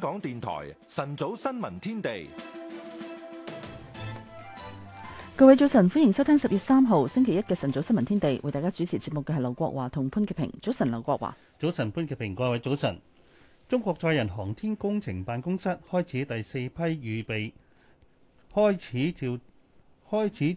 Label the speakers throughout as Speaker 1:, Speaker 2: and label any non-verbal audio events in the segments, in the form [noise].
Speaker 1: 港電台晨早新聞天地，各
Speaker 2: 位早晨，歡迎收聽十月三號星期一嘅晨早新聞天地，為大家主持節目嘅係劉國華同潘潔平。早晨，劉國華，
Speaker 3: 早晨，潘潔平，各位早晨。中國載人航天工程辦公室開始第四批預備，開始召開始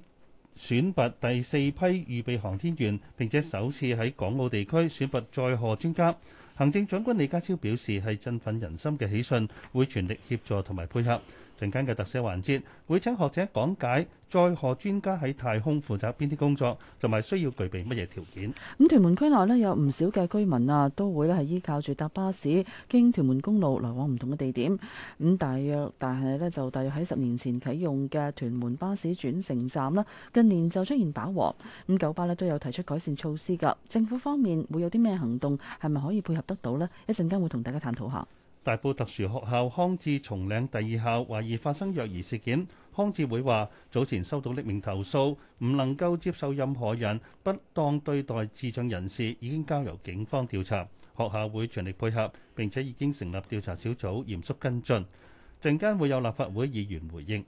Speaker 3: 選拔第四批預備航天員，並且首次喺港澳地區選拔載荷專家。行政長官李家超表示，係振奮人心嘅喜訊，會全力協助同埋配合。陣間嘅特色環節，會請學者講解載荷專家喺太空負責邊啲工作，同埋需要具備乜嘢條件。
Speaker 2: 咁屯門區內咧有唔少嘅居民啊，都會咧係依靠住搭巴士，經屯門公路來往唔同嘅地點。咁大約，但係咧就大約喺十年前啟用嘅屯門巴士轉乘站啦。近年就出現飽和，咁九巴咧都有提出改善措施㗎。政府方面會有啲咩行動，係咪可以配合得到呢？一陣間會同大家探討下。
Speaker 3: 大埔特殊學校康智松嶺第二校懷疑發生虐兒事件，康智會話早前收到匿名投訴，唔能夠接受任何人不當對待智障人士，已經交由警方調查，學校會全力配合，並且已經成立調查小組嚴肅跟進。陣間會有立法會議員回應。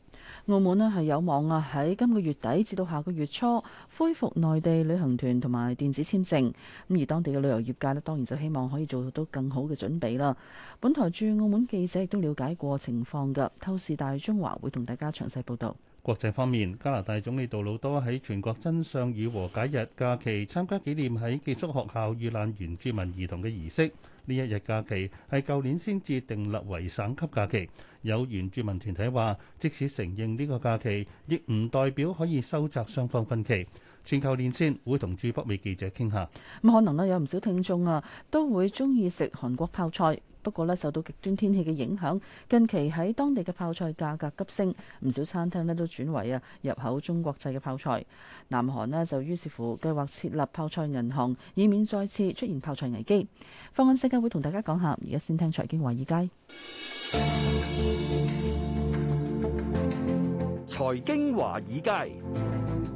Speaker 2: 澳門咧係有望啊，喺今個月底至到下個月初恢復內地旅行團同埋電子簽證。咁而當地嘅旅遊業界咧當然就希望可以做到更好嘅準備啦。本台駐澳門記者亦都了解過情況㗎。透視大中華會同大家詳細報導。
Speaker 3: 國際方面，加拿大總理杜魯多喺全國真相與和解日假期參加紀念喺寄宿學校遇難原住民兒童嘅儀式。呢一日假期係舊年先至訂立為省級假期。有原住民團體話，即使承認呢個假期，亦唔代表可以收窄雙方分歧。全球連線會同駐北美記者傾下。
Speaker 2: 咁可能咧，有唔少聽眾啊，都會中意食韓國泡菜。不過咧，受到極端天氣嘅影響，近期喺當地嘅泡菜價格急升，唔少餐廳咧都轉為啊入口中國製嘅泡菜。南韓咧就於是乎計劃設立泡菜銀行，以免再次出現泡菜危機。放眼世界會同大家講下，而家先聽財經華爾街。
Speaker 4: 財經華爾街。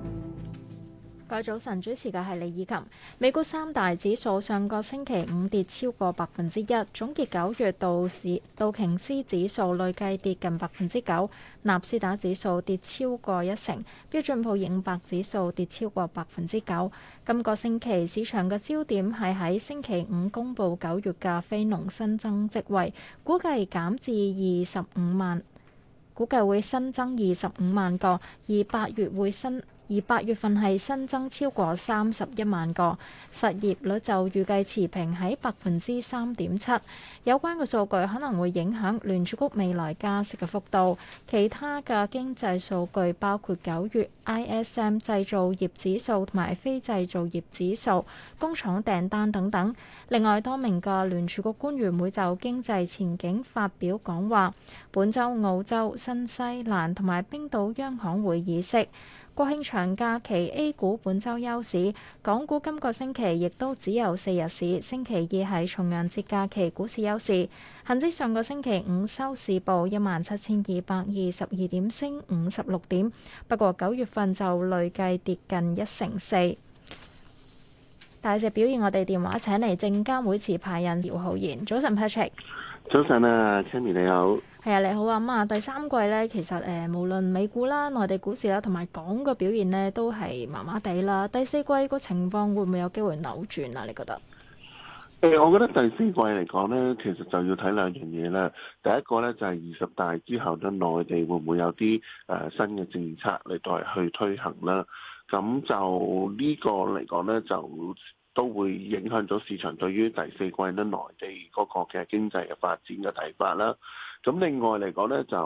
Speaker 5: 早晨主持嘅係李以琴。美股三大指數上個星期五跌超過百分之一，總結九月到市道，市道瓊斯指數累計跌近百分之九，納斯達指數跌超過一成，標準普爾五百指數跌超過百分之九。今個星期市場嘅焦點係喺星期五公布九月嘅非農新增職位，估計減至二十五萬，估計會新增二十五萬個，而八月會新。而八月份係新增超過三十一萬個，失業率就預計持平喺百分之三點七。有關嘅數據可能會影響聯儲局未來加息嘅幅度。其他嘅經濟數據包括九月 ISM 製造業指數同埋非製造業指數、工廠訂單等等。另外，多名嘅聯儲局官員會就經濟前景發表講話。本週澳洲、新西蘭同埋冰島央行會議息。國慶長假期，A 股本周休市，港股今個星期亦都只有四日市，星期二係重陽節假期，股市休市。恒指上個星期五收市報一萬七千二百二十二點，升五十六點，不過九月份就累計跌近一成四。大只表現，我哋電話請嚟證監會持牌人姚浩然，早晨 Patrick，
Speaker 6: 早晨啊，Cherry，你好。
Speaker 5: 係啊，你好啊，咁啊，第三季咧，其實誒，無論美股啦、內地股市啦，同埋港個表現咧，都係麻麻地啦。第四季個情況會唔會有機會扭轉啊？你覺得？
Speaker 6: 誒，我覺得第四季嚟講咧，其實就要睇兩樣嘢啦。第一個咧就係二十大之後咧，內地會唔會有啲誒新嘅政策嚟代去推行啦？咁就呢個嚟講咧，就都會影響咗市場對於第四季咧內地嗰個嘅經濟嘅發展嘅睇法啦。咁另外嚟講咧，就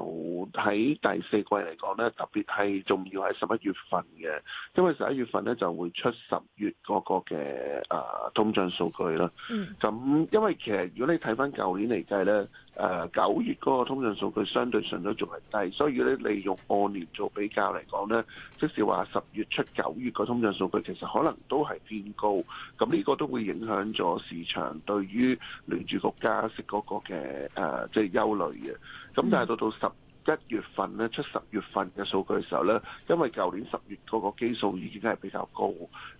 Speaker 6: 喺第四季嚟講咧，特別係仲要係十一月份嘅，因為十一月份咧就會出十月 𠮶 個嘅誒、啊、通脹數據啦。嗯。咁，因為其實如果你睇翻舊年嚟計咧。誒九月嗰個通脹數據相對上都仲係低，所以咧利用按年做比較嚟講咧，即是話十月出九月個通脹數據其實可能都係偏高，咁呢個都會影響咗市場對於聯儲局加息嗰個嘅誒即係憂慮嘅，咁但係到到十一月份咧出十月份嘅數據嘅時候咧，因為舊年十月嗰個基數已經係比較高，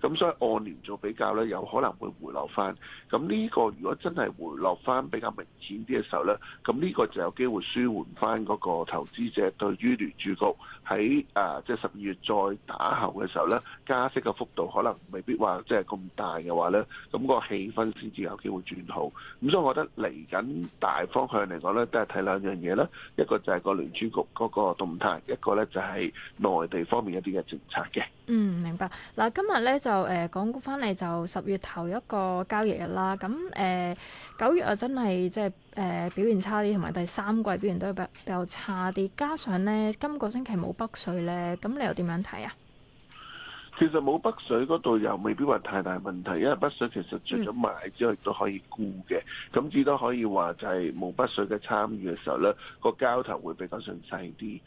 Speaker 6: 咁所以按年做比較咧，有可能會回落翻。咁呢個如果真係回落翻比較明顯啲嘅時候咧，咁呢個就有機會舒緩翻嗰個投資者對於聯儲局喺啊即係十二月再打後嘅時候咧，加息嘅幅度可能未必話即係咁大嘅話咧，咁個氣氛先至有機會轉好。咁所以我覺得嚟緊大方向嚟講咧，都係睇兩樣嘢啦，一個就係個聯主局嗰個動態，一個咧就係內地方面一啲嘅政策嘅。
Speaker 5: 嗯，明白。嗱，今日咧就誒講翻嚟就十月頭一個交易日啦。咁誒九月啊，真係即係誒表現差啲，同埋第三季表現都比較比較差啲。加上咧今個星期冇北水咧，咁你又點樣睇啊？
Speaker 6: 其實冇北水嗰度又未必話太大問題，因為北水其實除咗買之外都可以沽嘅，咁至、嗯、多可以話就係冇北水嘅參與嘅時候咧，個交投會比較順勢啲。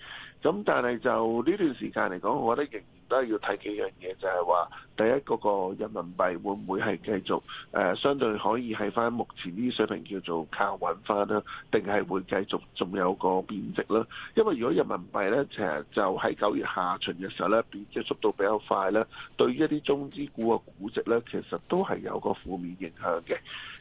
Speaker 6: 咁但係就呢段時間嚟講，我覺得，都係要睇幾樣嘢，就係話第一嗰個人民幣會唔會係繼續誒、呃、相對可以喺翻目前呢啲水平叫做靠穩翻啦，定係會繼續仲有個貶值啦？因為如果人民幣咧，其實就喺九月下旬嘅時候咧，貶值速度比較快咧，對於一啲中資股嘅估值咧，其實都係有個負面影響嘅。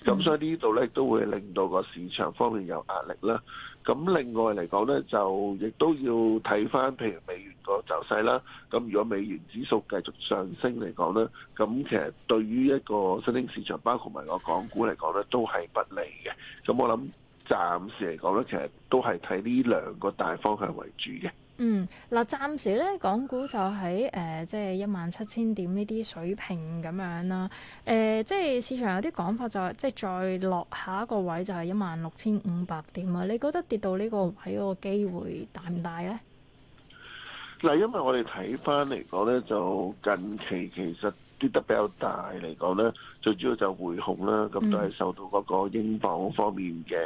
Speaker 6: 咁、嗯、所以呢度咧都會令到個市場方面有壓力啦。咁另外嚟講咧，就亦都要睇返譬如美元個走勢啦。咁如果美元指數繼續上升嚟講咧，咁其實對於一個新興市場，包括埋個港股嚟講咧，都係不利嘅。咁我諗暫時嚟講咧，其實都係睇呢兩個大方向為主嘅。
Speaker 5: 嗯，嗱、啊，暫時咧，港股就喺、是、誒、呃，即係一萬七千點呢啲水平咁樣啦。誒、呃，即係市場有啲講法就係、是，即係再落下一個位就係一萬六千五百點啊。你覺得跌到呢個位嗰個機會大唔大咧？
Speaker 6: 嗱，因為我哋睇返嚟講咧，就近期其實。啲得比較大嚟講咧，最主要就匯控啦，咁都係受到嗰個英鎊方面嘅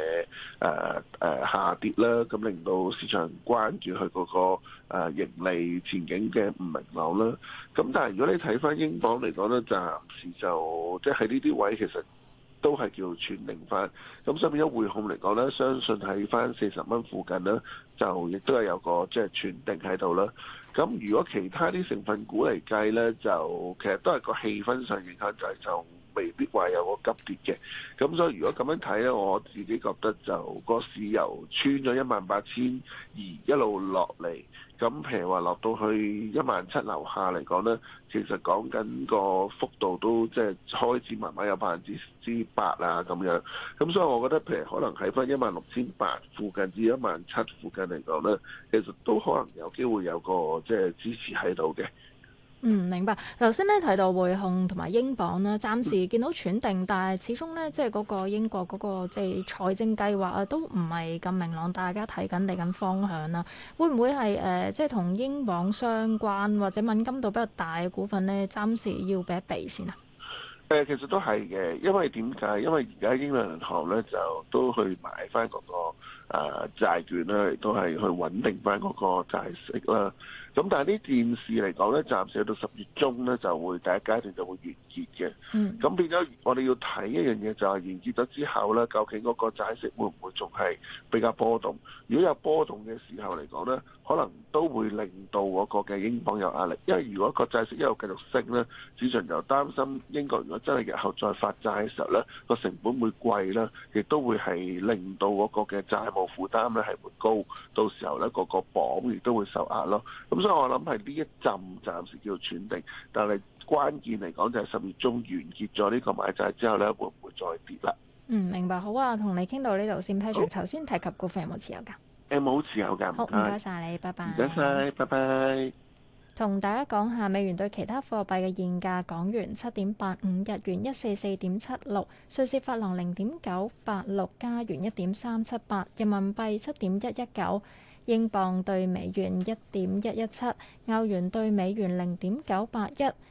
Speaker 6: 誒誒下跌啦，咁令到市場關注佢嗰個誒盈利前景嘅唔明朗啦。咁但係如果你睇翻英鎊嚟講咧，暫時就即係喺呢啲位其實都係叫串定翻。咁相反一匯控嚟講咧，相信喺翻四十蚊附近咧，就亦都係有個即係串定喺度啦。咁如果其他啲成分股嚟計呢，就其實都係個氣氛上影響，就係就未必話有個急跌嘅。咁所以如果咁樣睇呢，我自己覺得就個市由穿咗一萬八千而一路落嚟。咁譬如話落到去一萬七樓下嚟講呢，其實講緊個幅度都即係開始慢慢有百分之之八啦，咁樣。咁所以我覺得譬如可能喺翻一萬六千八附近至一萬七附近嚟講呢，其實都可能有機會有個即係支持喺度嘅。
Speaker 5: 嗯，明白。頭先咧提到匯控同埋英鎊啦，暫時見到喘定，但係始終咧即係嗰個英國嗰、那個即係財政計劃啊，都唔係咁明朗。大家睇緊嚟緊方向啦、啊，會唔會係誒、呃、即係同英鎊相關或者敏感度比較大嘅股份咧？暫時要避一避先啊。
Speaker 6: 誒、呃，其實都係嘅，因為點解？因為而家英倫銀行咧就都去買翻嗰個誒、呃、債券啦，亦都係去穩定翻嗰個債息啦。咁但係呢件事嚟講咧，暫時去到十月中咧就會第一階段就會完。嗯、結嘅，咁變咗我哋要睇一樣嘢就係完結咗之後咧，究竟嗰個債息會唔會仲係比較波動？如果有波動嘅時候嚟講咧，可能都會令到嗰個嘅英鎊有壓力，因為如果個債息一路繼續升咧，市場又擔心英國如果真係日後再發債嘅時候咧，個成本會貴啦，亦都會係令到嗰個嘅債務負擔咧係會高，到時候咧個個磅亦都會受壓咯。咁所以我諗係呢一陣暫時叫做喘定，但係。關鍵嚟講就係十月中完結咗呢個買債之後咧，會唔會再跌啦？
Speaker 5: 嗯，明白。好啊，同你傾到呢度先。Peter 頭先提及嗰股票有冇持有噶，
Speaker 6: 冇持有噶。好，唔該曬
Speaker 5: 你，拜拜。唔該
Speaker 6: 曬，拜拜。
Speaker 5: 同大家講下美元對其他貨幣嘅現價：港元七點八五，日元一四四點七六，瑞士法郎零點九八六，加元一點三七八，人民幣七點一一九，英鎊對美元一點一一七，歐元對美元零點九八一。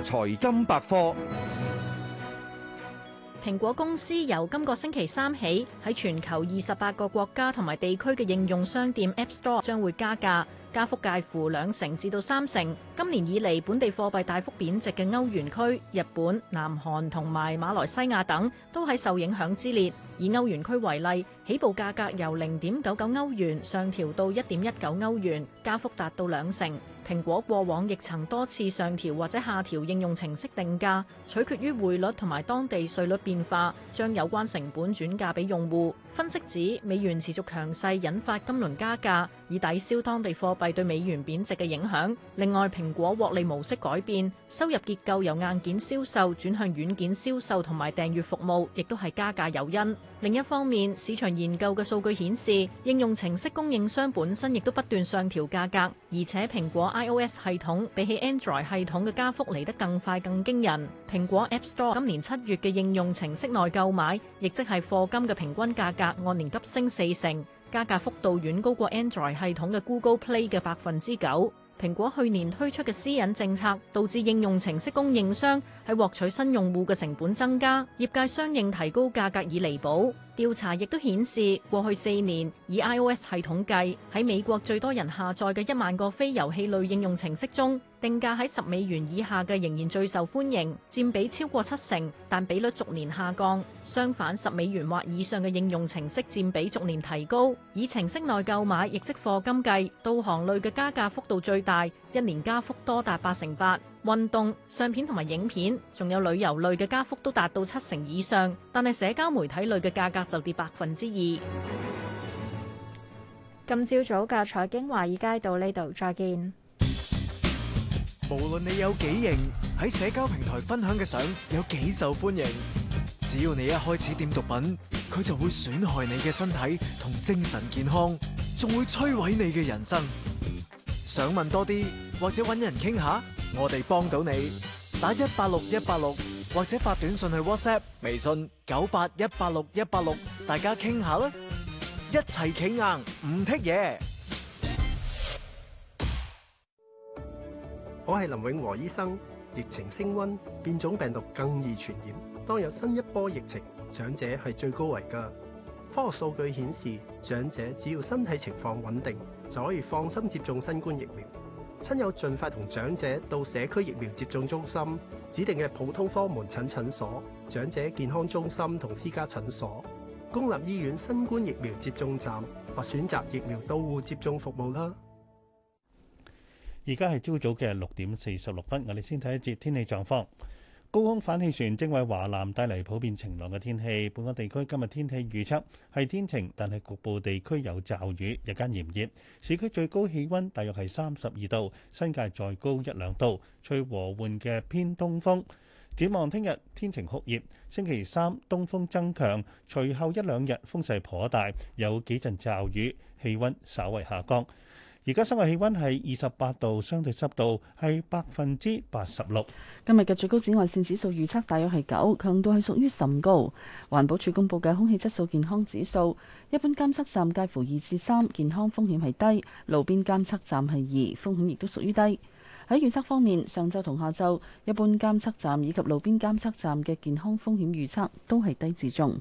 Speaker 7: 財金百科：
Speaker 8: 蘋果公司由今個星期三起，喺全球二十八個國家同埋地區嘅應用商店 App Store 將會加價。加幅介乎兩成至到三成。今年以嚟本地貨幣大幅貶值嘅歐元區、日本、南韓同埋馬來西亞等，都喺受影響之列。以歐元區為例，起步價格由零點九九歐元上調到一點一九歐元，加幅達到兩成。蘋果過往亦曾多次上調或者下調應用程式定價，取決於匯率同埋當地稅率變化，將有關成本轉嫁俾用戶。分析指美元持續強勢，引發金輪加價，以抵消當地貨幣係對美元貶值嘅影響。另外，蘋果獲利模式改變，收入結構由硬件銷售轉向軟件銷售同埋訂閱服務，亦都係加價有因。另一方面，市場研究嘅數據顯示，應用程式供應商本身亦都不斷上調價格，而且蘋果 iOS 系統比起 Android 系統嘅加幅嚟得更快更驚人。蘋果 App Store 今年七月嘅應用程式內購買，亦即係課金嘅平均價格按年急升四成。加價幅度遠高過 Android 系統嘅 Google Play 嘅百分之九。蘋果去年推出嘅私隱政策，導致應用程式供應商喺獲取新用戶嘅成本增加，業界相應提高價格以彌補。調查亦都顯示，過去四年以 iOS 系統計，喺美國最多人下載嘅一萬個非遊戲類應用程式中，定價喺十美元以下嘅仍然最受歡迎，佔比超過七成，但比率逐年下降。相反，十美元或以上嘅應用程式佔比逐年提高。以程式內購買亦即貨金計，導航類嘅加價幅度最大。一年加幅多達八成八，運動、相片同埋影片，仲有旅遊類嘅加幅都達到七成以上，但係社交媒體類嘅價格就跌百分之二。今
Speaker 5: 朝早嘅財經華爾街到呢度再見。
Speaker 9: 無論你有幾型，喺社交平台分享嘅相有幾受歡迎，只要你一開始點毒品，佢就會損害你嘅身體同精神健康，仲會摧毀你嘅人生。想問多啲，或者搵人傾下，我哋幫到你。打一八六一八六，或者發短信去 WhatsApp、微信九八一八六一八六，6，大家傾下啦，一齊企硬，唔剔嘢。我係林永和醫生。疫情升
Speaker 10: 溫，變種病毒更易傳染。當有新一波疫情，長者係最高危㗎。科學數據顯示，長者只要身體情況穩定，就可以放心接種新冠疫苗。親友盡快同長者到社區疫苗接種中心、指定嘅普通科門診診所、長者健康中心同私家診所、公立醫院新冠疫苗接種站或選擇疫苗到戶接種服務啦。
Speaker 3: 而家係朝早嘅六點四十六分，我哋先睇一節天氣狀況。高空反氣旋正為華南帶嚟普遍晴朗嘅天氣。本港地區今日天氣預測係天晴，但係局部地區有驟雨。日間炎熱，市區最高氣溫大約係三十二度，新界再高一兩度。吹和緩嘅偏東風。展望聽日天晴酷熱，星期三東風增強，隨後一兩日風勢頗大，有幾陣驟雨，氣溫稍為下降。而
Speaker 2: 家室外氣溫係二十八度，相對濕度係百分之八十六。今日嘅最高紫外線指數預測大約係九，強度係屬於甚高。環保署公布嘅空氣質素健康指數，一般監測站介乎二至三，健康風險係低；路邊監測站係二，風險亦都屬於低。喺預測方面，上晝同下晝，一般監測站以及路邊監測站嘅健康風險預測都係低至中。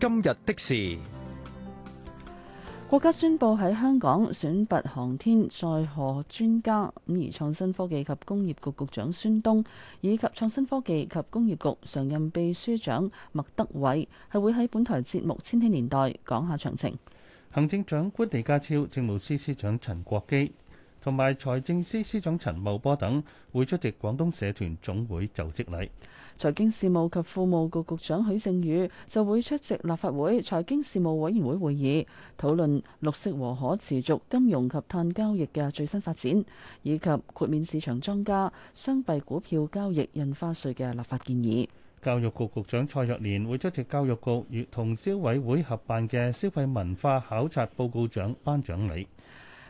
Speaker 2: 今
Speaker 4: 日的時。
Speaker 2: 國家宣布喺香港選拔航天載荷專家，咁而創新科技及工業局局長孫東以及創新科技及工業局常任秘書長麥德偉係會喺本台節目《千禧年代》講下詳情。行
Speaker 3: 政長官李家超、政務司司長陳國基同埋財政司司長陳茂波等會出席廣東社團總會就職禮。
Speaker 2: 財經事務及庫務局局長許正宇就會出席立法會財經事務委員會會議，討論綠色和可持續金融及碳交易嘅最新發展，以及豁免市場莊家雙幣股票交易印花稅嘅立法建
Speaker 3: 議。教育局局長蔡若蓮會出席教育局與同消委會合辦嘅消
Speaker 2: 費文化考察報告獎頒獎禮。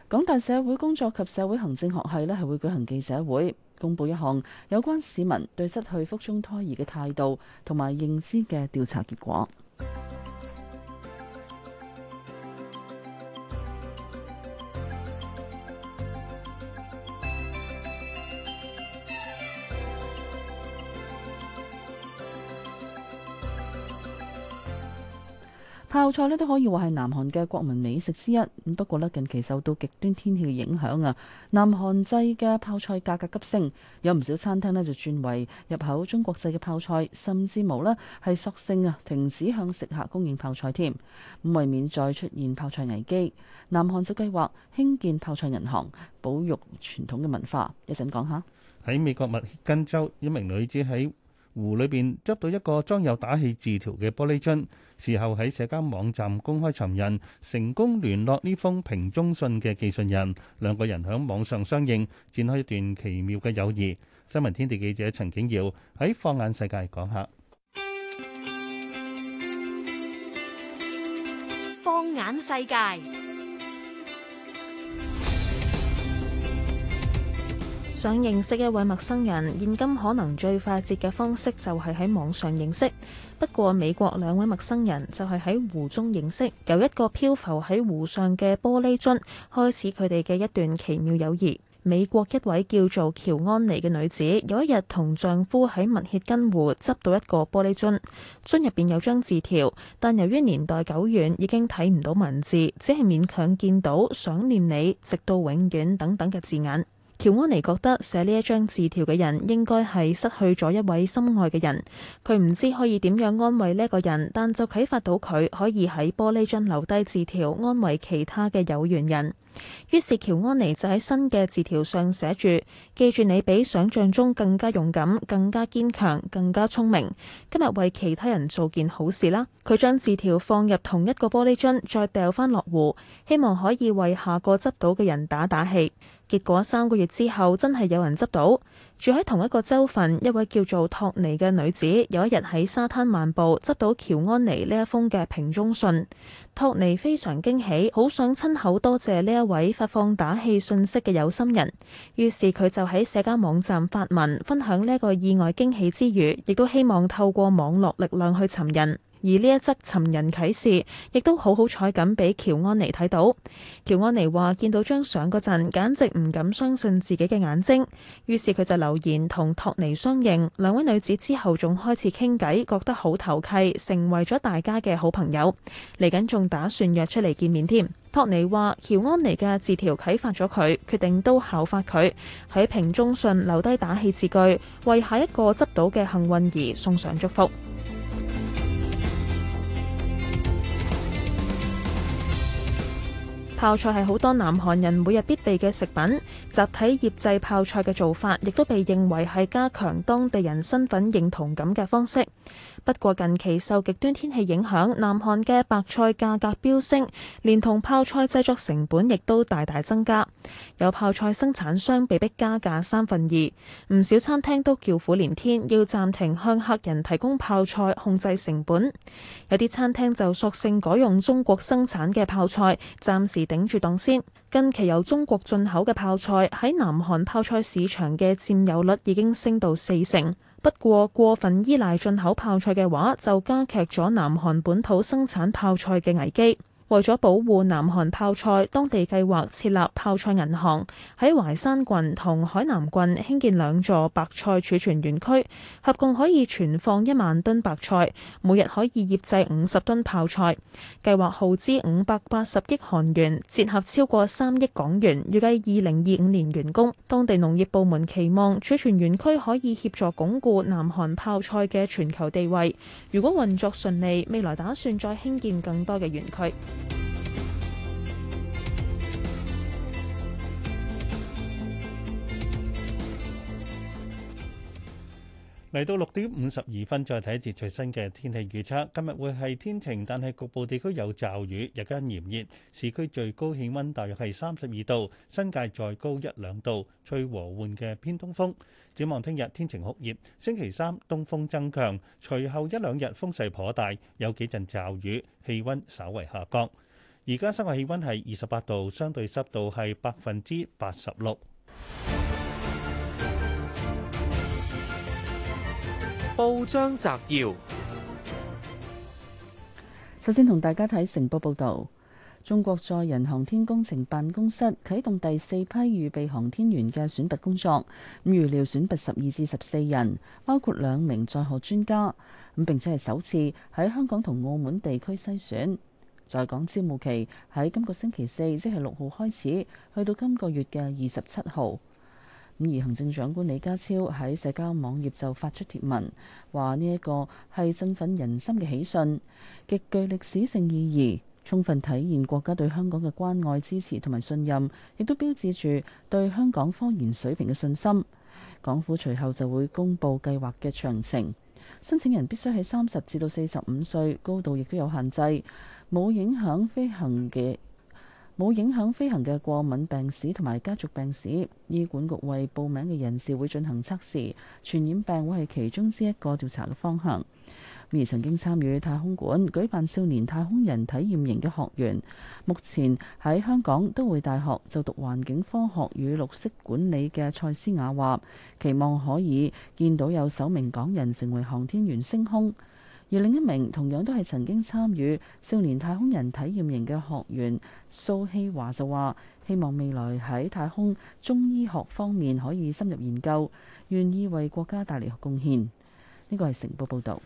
Speaker 2: 港大社會工作及社會行政學系呢係會舉行記者會，公布一項有關市民對失去腹中胎兒嘅態度同埋認知嘅調查結果。泡菜咧都可以話係南韓嘅國民美食之一。不過咧，近期受到極端天氣嘅影響啊，南韓製嘅泡菜價格急升，有唔少餐廳咧就轉為入口中國製嘅泡菜，甚至冇啦，係索性啊停止向食客供應泡菜添。咁為免再出現泡菜危機，南韓就計劃興建泡菜銀行，保育傳統嘅文化。一陣講下。
Speaker 3: 喺美國密歇根州，一名女子喺湖裏面執到一個裝有打氣字條嘅玻璃樽，事後喺社交網站公開尋人，成功聯絡呢封瓶中信嘅寄信人，兩個人喺網上相應，展開一段奇妙嘅友誼。新聞天地記者陳景耀喺《放眼世界》講下。
Speaker 5: 放眼世界。
Speaker 11: 想認識一位陌生人，現今可能最快捷嘅方式就係喺網上認識。不過，美國兩位陌生人就係喺湖中認識，由一個漂浮喺湖上嘅玻璃樽開始佢哋嘅一段奇妙友誼。美國一位叫做喬安妮嘅女子有一日同丈夫喺密歇根湖執到一個玻璃樽，樽入邊有張字條，但由於年代久遠，已經睇唔到文字，只係勉強見到想念你，直到永遠等等嘅字眼。喬安妮覺得寫呢一張字條嘅人應該係失去咗一位心愛嘅人，佢唔知可以點樣安慰呢一個人，但就啟發到佢可以喺玻璃樽留低字條，安慰其他嘅有緣人。於是喬安妮就喺新嘅字條上寫住：記住你比想像中更加勇敢、更加堅強、更加聰明。今日為其他人做件好事啦！佢將字條放入同一個玻璃樽，再掉返落湖，希望可以為下個執到嘅人打打氣。結果三個月之後，真係有人執到。住喺同一個州份，一位叫做托尼嘅女子，有一日喺沙灘漫步，執到喬安妮呢一封嘅瓶中信。托尼非常驚喜，好想親口多謝呢一位發放打氣信息嘅有心人，於是佢就喺社交網站發文分享呢個意外驚喜之餘，亦都希望透過網絡力量去尋人。而呢一則尋人啟事亦都好好彩咁俾喬安妮睇到。喬安妮話：見到張相嗰陣，簡直唔敢相信自己嘅眼睛。於是佢就留言同托尼相認。兩位女子之後仲開始傾偈，覺得好投契，成為咗大家嘅好朋友。嚟緊仲打算約出嚟見面添。托尼話：喬安妮嘅字條啟發咗佢，決定都效法佢喺瓶中信留低打氣字句，為下一個執到嘅幸運兒送上祝福。泡菜係好多南韓人每日必備嘅食品，集體醃製泡菜嘅做法亦都被認為係加強當地人身份認同感嘅方式。不過近期受極端天氣影響，南韓嘅白菜價格飆升，連同泡菜製作成本亦都大大增加，有泡菜生產商被迫加價三分二，唔少餐廳都叫苦連天，要暫停向客人提供泡菜控制成本。有啲餐廳就索性改用中國生產嘅泡菜，暫時頂住檔先。近期由中國進口嘅泡菜喺南韓泡菜市場嘅佔有率已經升到四成。不過，過分依賴進口泡菜嘅話，就加劇咗南韓本土生產泡菜嘅危機。為咗保護南韓泡菜，當地計劃設立泡菜銀行，喺淮山郡同海南郡興建兩座白菜儲存園區，合共可以存放一萬噸白菜，每日可以醃製五十噸泡菜。計劃耗資五百八十億韓元，折合超過三億港元，預計二零二五年完工。當地農業部門期望儲存園區可以協助鞏固南韓泡菜嘅全球地位。如果運作順利，未來打算再興建更多嘅園區。
Speaker 3: 嚟到六點五十二分，再睇一次最新嘅天氣預測。今日會係天晴，但係局部地區有驟雨。日間炎熱，市區最高氣温大約係三十二度，新界再高一兩度。吹和緩嘅偏東風。展望聽日天晴酷熱，星期三東風增強，隨後一兩日風勢頗大，有幾陣驟雨，氣温稍為下降。而家室外氣温係二十八度，相對濕度係百分之八十六。
Speaker 12: 報章摘要：
Speaker 2: 首先同大家睇成報報道，中國載人航天工程辦公室啟動第四批預備航天員嘅選拔工作，咁預料選拔十二至十四人，包括兩名載荷專家，咁並且係首次喺香港同澳門地區篩選。在港招募期喺今個星期四，即係六號開始，去到今個月嘅二十七號。咁而行政長官李家超喺社交網頁就發出貼文，話呢一個係振奮人心嘅喜訊，極具歷史性意義，充分體現國家對香港嘅關愛、支持同埋信任，亦都標誌住對香港科研水平嘅信心。港府隨後就會公布計劃嘅詳情。申請人必須喺三十至到四十五歲，高度亦都有限制，冇影響飛行嘅冇影響飛行嘅過敏病史同埋家族病史，醫管局為報名嘅人士會進行測試，傳染病會係其中之一個調查嘅方向。而曾經參與太空館舉辦少年太空人體驗營嘅學員，目前喺香港都會大學就讀環境科學與綠色管理嘅蔡思雅話，期望可以見到有首名港人成為航天員升空。而另一名同樣都係曾經參與少年太空人體驗營嘅學員蘇希華就話：希望未來喺太空中醫學方面可以深入研究，願意為國家帶嚟貢獻。呢個係成報報導。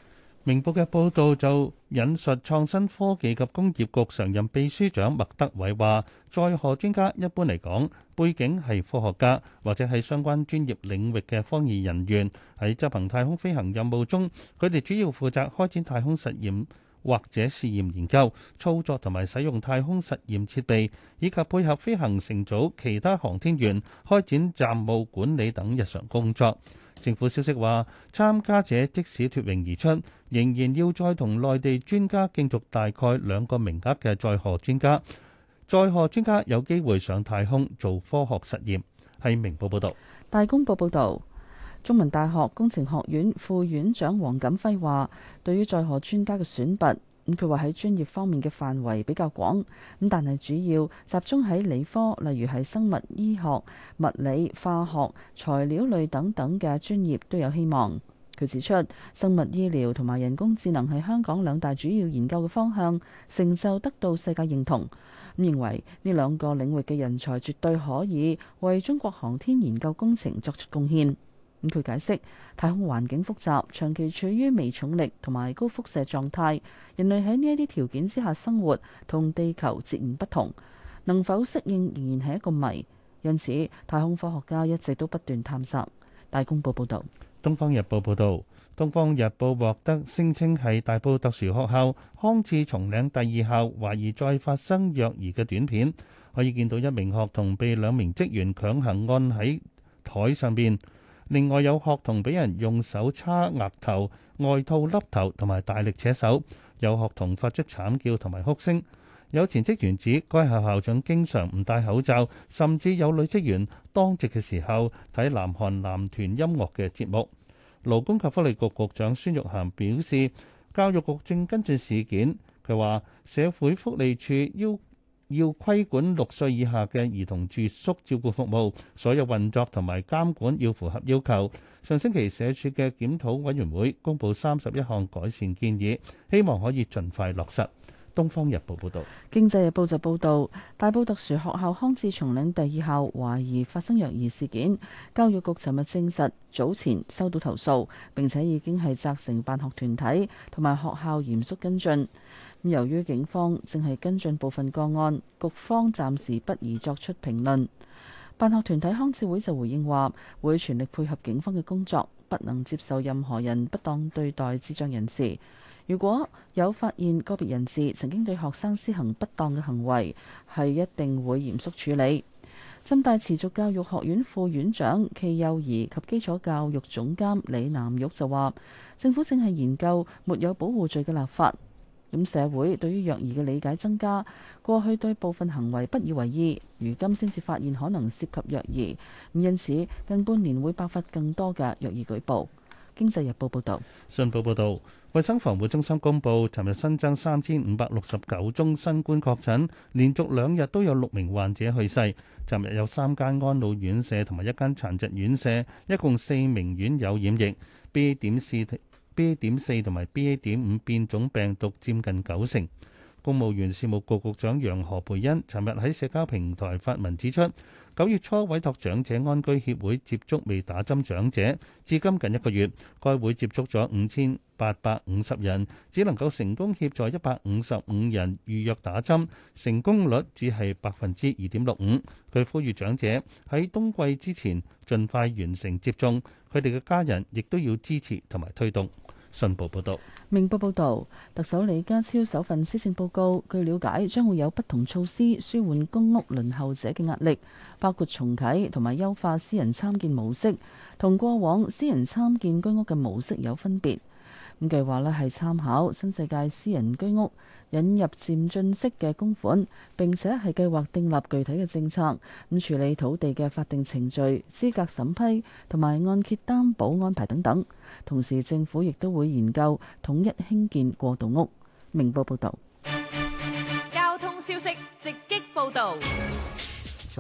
Speaker 3: 明報嘅報道就引述創新科技及工業局常任秘書長麥德偉話：載荷專家一般嚟講，背景係科學家或者係相關專業領域嘅科研人員。喺執行太空飛行任務中，佢哋主要負責開展太空實驗或者試驗研究、操作同埋使用太空實驗設備，以及配合飛行乘組其他航天員開展站務管理等日常工作。政府消息話，參加者即使脫穎而出，仍然要再同內地專家競逐大概兩個名額嘅載荷專家。載荷專家有機會上太空做科學實驗。係明報報道，
Speaker 2: 大公報報道，中文大學工程學院副院長黃錦輝話，對於載荷專家嘅選拔，佢話喺專業方面嘅範圍比較廣，咁但係主要集中喺理科，例如係生物醫學、物理、化學、材料類等等嘅專業都有希望。佢指出，生物醫療同埋人工智能係香港兩大主要研究嘅方向，成就得到世界認同。咁認為呢兩個領域嘅人才絕對可以為中國航天研究工程作出貢獻。咁佢解釋太空環境複雜，長期處於微重力同埋高輻射狀態，人類喺呢一啲條件之下生活同地球截然不同，能否適應仍然係一個謎。因此，太空科學家一直都不斷探索。大公報報道。
Speaker 3: 《東方日報》報道，《東方日報》獲得聲稱係大埔特殊學校匡智松嶺第二校懷疑再發生虐兒嘅短片，可以見到一名學童被兩名職員強行按喺台上邊。另外有學童俾人用手叉額頭、外套笠頭同埋大力扯手，有學童發出慘叫同埋哭聲。有前職員指，該校校長經常唔戴口罩，甚至有女職員當值嘅時候睇南韓男團音樂嘅節目。勞工及福利局局長孫玉菡表示，教育局正跟住事件。佢話社會福利署要要規管六歲以下嘅兒童住宿照顧服務，所有運作同埋監管要符合要求。上星期社署嘅檢討委員會公佈三十一項改善建議，希望可以盡快落實。《東方日報》報道，
Speaker 2: 《經濟日報》就報導，大埔特殊學校匡智松嶺第二校懷疑發生虐兒事件，教育局尋日證實早前收到投訴，並且已經係責成辦學團體同埋學校嚴肅跟進。由於警方正係跟進部分個案，局方暫時不宜作出評論。辦學團體匡智會就回應話，會全力配合警方嘅工作，不能接受任何人不當對待智障人士。如果有發現個別人士曾經對學生施行不當嘅行為，係一定會嚴肅處理。浸大持續教育學院副院長暨幼兒及基礎教育總監李南玉就話，政府正係研究沒有保護罪嘅立法。咁社會對於虐兒嘅理解增加，過去對部分行為不以為意，如今先至發現可能涉及虐兒。咁因此近半年會爆發更多嘅虐兒舉報。經濟日報報導，信報
Speaker 3: 報導，衞生防護中心公佈，尋日新增三千五百六十九宗新冠確診，連續兩日都有六名患者去世。尋日有三間安老院舍同埋一間殘疾院舍，一共四名院友染疫，被點試。BA. 點四同埋 BA. 點五變種病毒佔近九成。公務員事務局局長楊何培恩尋日喺社交平台發文指出，九月初委託長者安居協會接觸未打針長者，至今近一個月，該會接觸咗五千八百五十人，只能夠成功協助一百五十五人預約打針，成功率只係百分之二點六五。佢呼籲長者喺冬季之前盡快完成接種，佢哋嘅家人亦都要支持同埋推動。新報報道，
Speaker 2: 明報報道，特首李家超首份施政報告，據了解將會有不同措施舒緩公屋輪候者嘅壓力，包括重啟同埋優化私人參建模式，同過往私人參建居屋嘅模式有分別。咁計劃呢，係參考新世界私人居屋。引入漸進式嘅供款，並且係計劃訂立具體嘅政策，咁處理土地嘅法定程序、資格審批同埋按揭擔保安排等等。同時，政府亦都會研究統一興建過渡屋。明報報道。
Speaker 8: 交通消息直擊報道。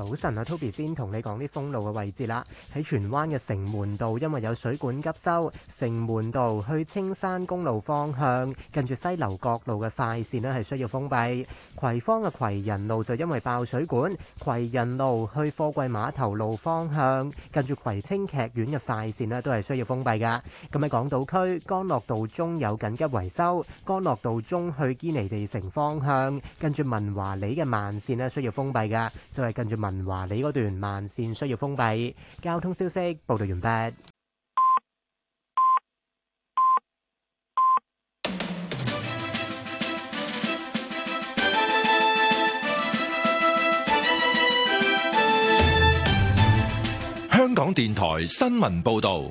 Speaker 13: 早晨啊，Toby 先同你講啲封路嘅位置啦。喺荃灣嘅城門道，因為有水管急修，城門道去青山公路方向，近住西樓角路嘅快綫呢係需要封閉。葵芳嘅葵仁路就因為爆水管，葵仁路去貨櫃碼頭路方向，近住葵青劇院嘅快綫呢都係需要封閉噶。咁喺港島區，干諾道中有緊急維修，干諾道中去堅尼地城方向，近住文華里嘅慢綫呢需要封閉噶，就係近住文華里嗰段慢綫需要封閉。交通消息報道完畢。
Speaker 1: 香港電台新聞報道。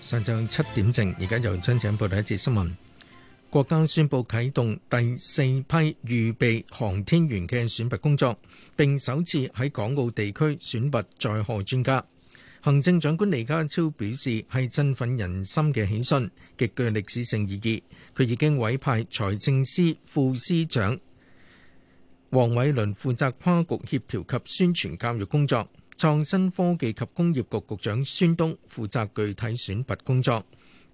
Speaker 9: 上晝七點正，而家由張展報道一節新聞。國家宣布啟動第四批預備航天員嘅選拔工作，並首次喺港澳地區選拔載荷專家。行政長官李家超表示係振奮人心嘅喜訊，極具歷史性意義。佢已經委派財政司副司長黃偉倫負責跨局協調及宣傳教育工作，創新科技及工業局局長孫東負責具體選拔工作。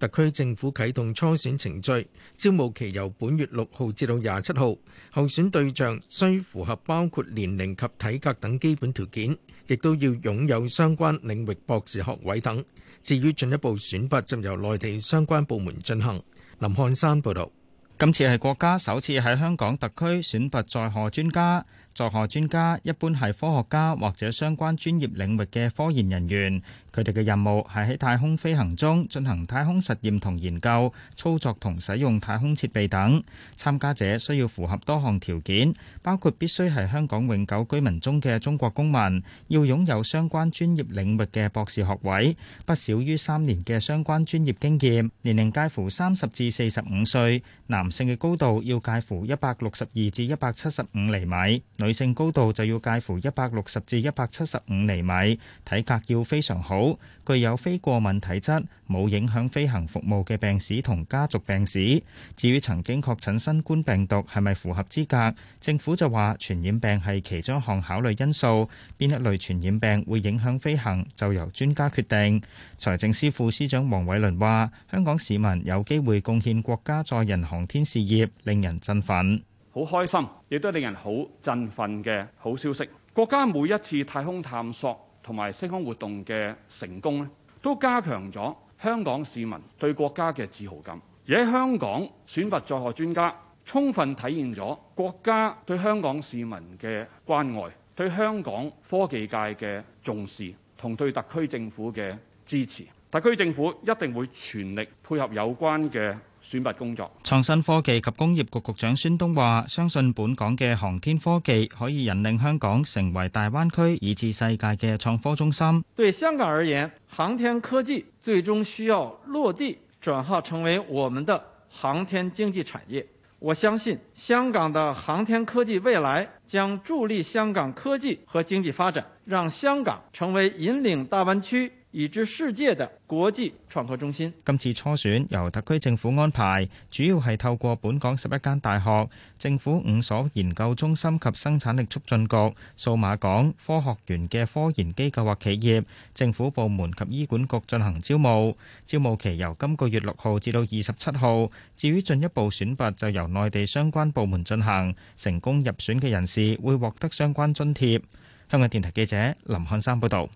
Speaker 9: 特區政府啟動初選程序，招募期由本月六號至到廿七號。候選對象需符合包括年齡及體格等基本條件，亦都要擁有相關領域博士學位等。至於進一步選拔，就由內地相關部門進行。林漢山報道，今
Speaker 14: 次係國家首次喺香港特區選拔載荷專家。載荷專家一般係科學家或者相關專業領域嘅科研人員。佢哋嘅任務係喺太空飛行中進行太空實驗同研究、操作同使用太空設備等。參加者需要符合多項條件，包括必須係香港永久居民中嘅中國公民，要擁有相關專業領域嘅博士學位，不少於三年嘅相關專業經驗，年齡介乎三十至四十五歲，男性嘅高度要介乎一百六十二至一百七十五厘米，女性高度就要介乎一百六十至一百七十五厘米，體格要非常好。具有非過敏體質、冇影響飛行服務嘅病史同家族病史。至於曾經確診新冠病毒係咪符合資格，政府就話傳染病係其中一項考慮因素。邊一類傳染病會影響飛行，就由專家決定。財政司副司長黃偉倫話：香港市民有機會貢獻國家載人航天事業，令人振奮。
Speaker 12: 好開心，亦都令人好振奮嘅好消息。國家每一次太空探索，同埋升空活動嘅成功咧，都加強咗香港市民對國家嘅自豪感。而喺香港選拔載荷專家，充分體現咗國家對香港市民嘅關愛、對香港科技界嘅重視同對特區政府嘅支持。特區政府一定會全力配合有關嘅。選拔工
Speaker 14: 作，創新科技及工業局局長孫東話：相信本港嘅航天科技可以引領香港成為大灣區以至世界嘅創科中心。
Speaker 9: 對香港而言，航天科技最終需要落地轉化，成為我們的航天經濟產業。我相信香港的航天科技未來將助力香港科技和經濟發展，讓香港成為引領大灣區，以至世界的國際創科中心。
Speaker 14: 今次初選由特區政府安排，主要係透過本港十一間大學、政府五所研究中心及生產力促進局、數碼港、科學園嘅科研機構或企業、政府部門及醫管局進行招募。招募期由今個月六號至到二十七號，至於進一步選拔就由內地相關部門進行。成功入選嘅人士會獲得相關津貼，
Speaker 9: 香港電台記者林漢山報道。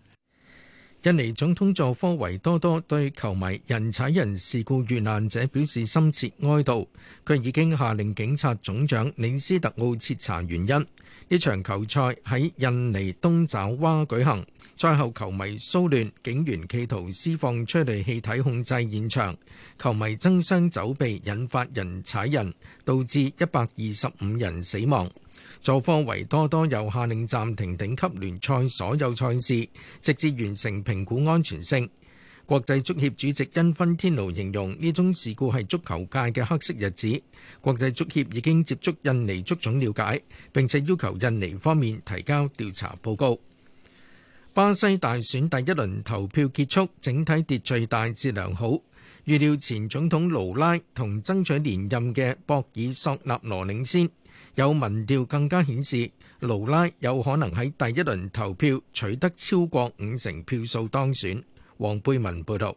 Speaker 9: 印尼總統佐科維多多對球迷人踩人事故遇難者表示深切哀悼，佢已經下令警察總長李斯特奧徹查原因。呢場球賽喺印尼東爪哇舉行，賽後球迷騷亂，警員企圖施放催淚氣體控制現場，球迷爭相走避，引發人踩人，導致一百二十五人死亡。佐科維多多又下令暫停頂級聯賽所有賽事，直至完成評估安全性。國際足協主席恩芬天奴形容呢宗事故係足球界嘅黑色日子。國際足協已經接觸印尼足總了解，並且要求印尼方面提交調查報告。巴西大選第一輪投票結束，整體秩序大致良好。預料前總統盧拉同爭取連任嘅博爾索納羅領先。有民調更加顯示，盧拉有可能喺第一輪投票取得超過五成票數當選。黃貝文報導，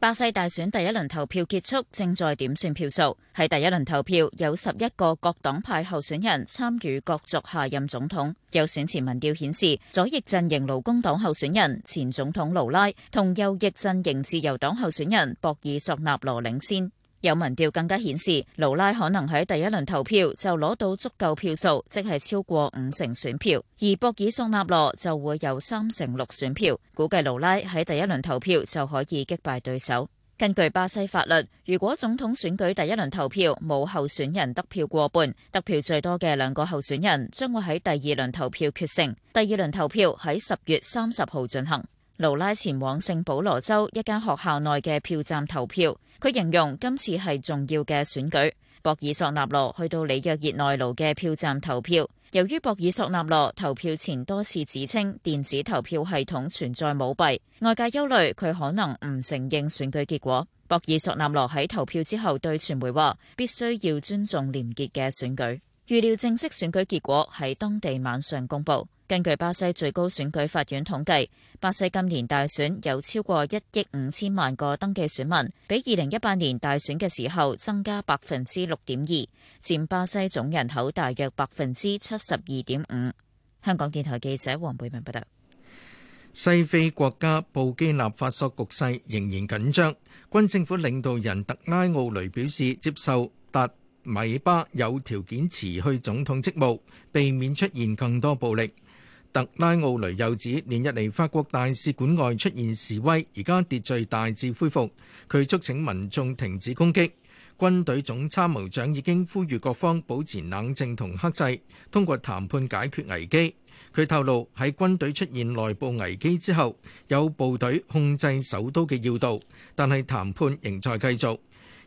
Speaker 15: 巴西大選第一輪投票結束，正在點算票數。喺第一輪投票，有十一個各黨派候選人參與角逐下任總統。有選前民調顯示，左翼陣營勞工黨候選人前總統盧拉同右翼陣營自由黨候選人博爾索納羅領先。有民調更加顯示，盧拉可能喺第一輪投票就攞到足夠票數，即係超過五成選票；而博爾索納羅就會有三成六選票。估計盧拉喺第一輪投票就可以擊敗對手。根據巴西法律，如果總統選舉第一輪投票冇候選人得票過半，得票最多嘅兩個候選人將會喺第二輪投票決勝。第二輪投票喺十月三十號進行。盧拉前往聖保羅州一間學校內嘅票站投票。佢形容今次係重要嘅選舉。博爾索納羅去到里約熱內盧嘅票站投票。由於博爾索納羅投票前多次指稱電子投票系統存在舞弊，外界憂慮佢可能唔承認選舉結果。博爾索納羅喺投票之後對傳媒話：必須要尊重廉潔嘅選舉。預料正式選舉結果喺當地晚上公布。根據巴西最高選舉法院統計，巴西今年大選有超過一億五千萬個登記選民，比二零一八年大選嘅時候增加百分之六點二，佔巴西總人口大約百分之七十二點五。香港電台記者黃蓓文報道。
Speaker 9: 西非國家布基納法索局勢仍然緊張，軍政府領導人特拉奧雷表示接受達米巴有條件辭去總統職務，避免出現更多暴力。特拉奧雷又指，連日嚟法國大使館外出現示威，而家秩序大致恢復。佢促請民眾停止攻擊。軍隊總參謀長已經呼籲各方保持冷靜同克制，通過談判解決危機。佢透露喺軍隊出現內部危機之後，有部隊控制首都嘅要道，但係談判仍在繼續。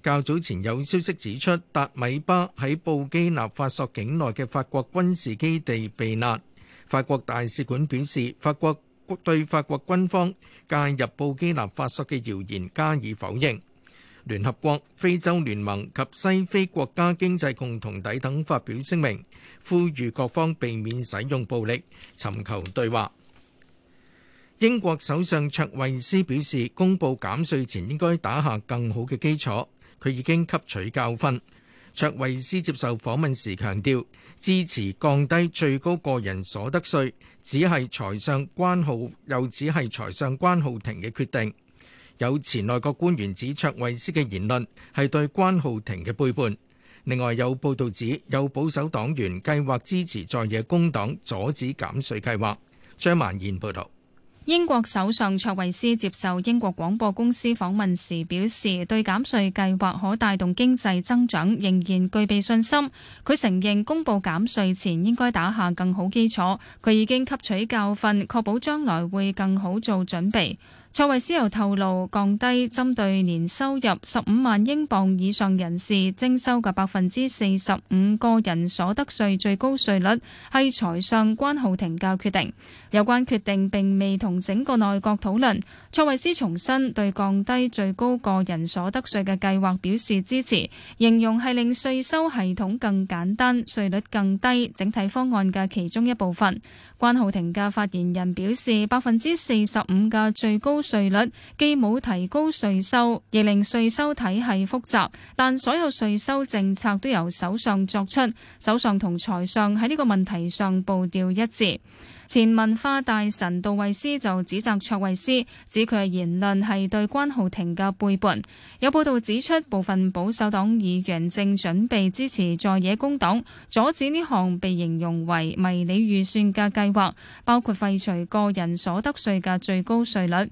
Speaker 9: 較早前有消息指出，達米巴喺布基納法索境內嘅法國軍事基地避難。法國大使館表示，法國對法國軍方介入布基納法索嘅謠言加以否認。聯合國、非洲聯盟及西非國家經濟共同體等發表聲明，呼籲各方避免使用暴力，尋求對話。英國首相卓慧思表示，公布減稅前應該打下更好嘅基礎，佢已經吸取教訓。卓慧思接受訪問時強調，支持降低最高個人所得稅，只係財相關浩又只係財相關浩霆嘅決定。有前內閣官員指卓慧思嘅言論係對關浩霆嘅背叛。另外有報導指，有保守黨員計劃支持在野工黨阻止減稅計劃。張曼燕報道。
Speaker 16: 英國首相卓維斯接受英國廣播公司訪問時表示，對減稅計劃可帶動經濟增長，仍然具備信心。佢承認公布減稅前應該打下更好基礎，佢已經吸取教訓，確保將來會更好做準備。卓維斯又透露，降低針對年收入十五萬英鎊以上人士徵收嘅百分之四十五個人所得稅最高稅率，係財相關浩庭嘅決定。有關決定並未同整個內閣討論。卓慧思重申對降低最高個人所得稅嘅計劃表示支持，形容係令稅收系統更簡單、稅率更低整體方案嘅其中一部分。關浩庭嘅發言人表示，百分之四十五嘅最高稅率既冇提高稅收，而令稅收體系複雜，但所有稅收政策都由首相作出，首相同財相喺呢個問題上步調一致。前文化大臣杜慧斯就指責卓慧斯，指佢嘅言論係對關浩庭嘅背叛。有報道指出，部分保守黨議員正準備支持在野工黨阻止呢項被形容為迷你預算嘅計劃，包括廢除個人所得稅嘅最高稅率。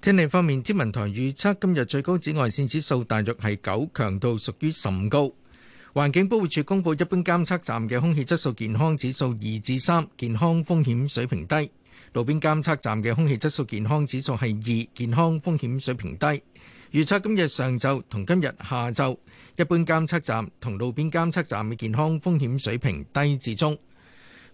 Speaker 9: 天氣方面，天文台預測今日最高紫外線指數大約係九，強度屬於甚高。環境保護署公布一般監測站嘅空氣質素健康指數二至三，健康風險水平低；路邊監測站嘅空氣質素健康指數係二，健康風險水平低。預測今日上晝同今日下晝，一般監測站同路邊監測站嘅健康風險水平低至中。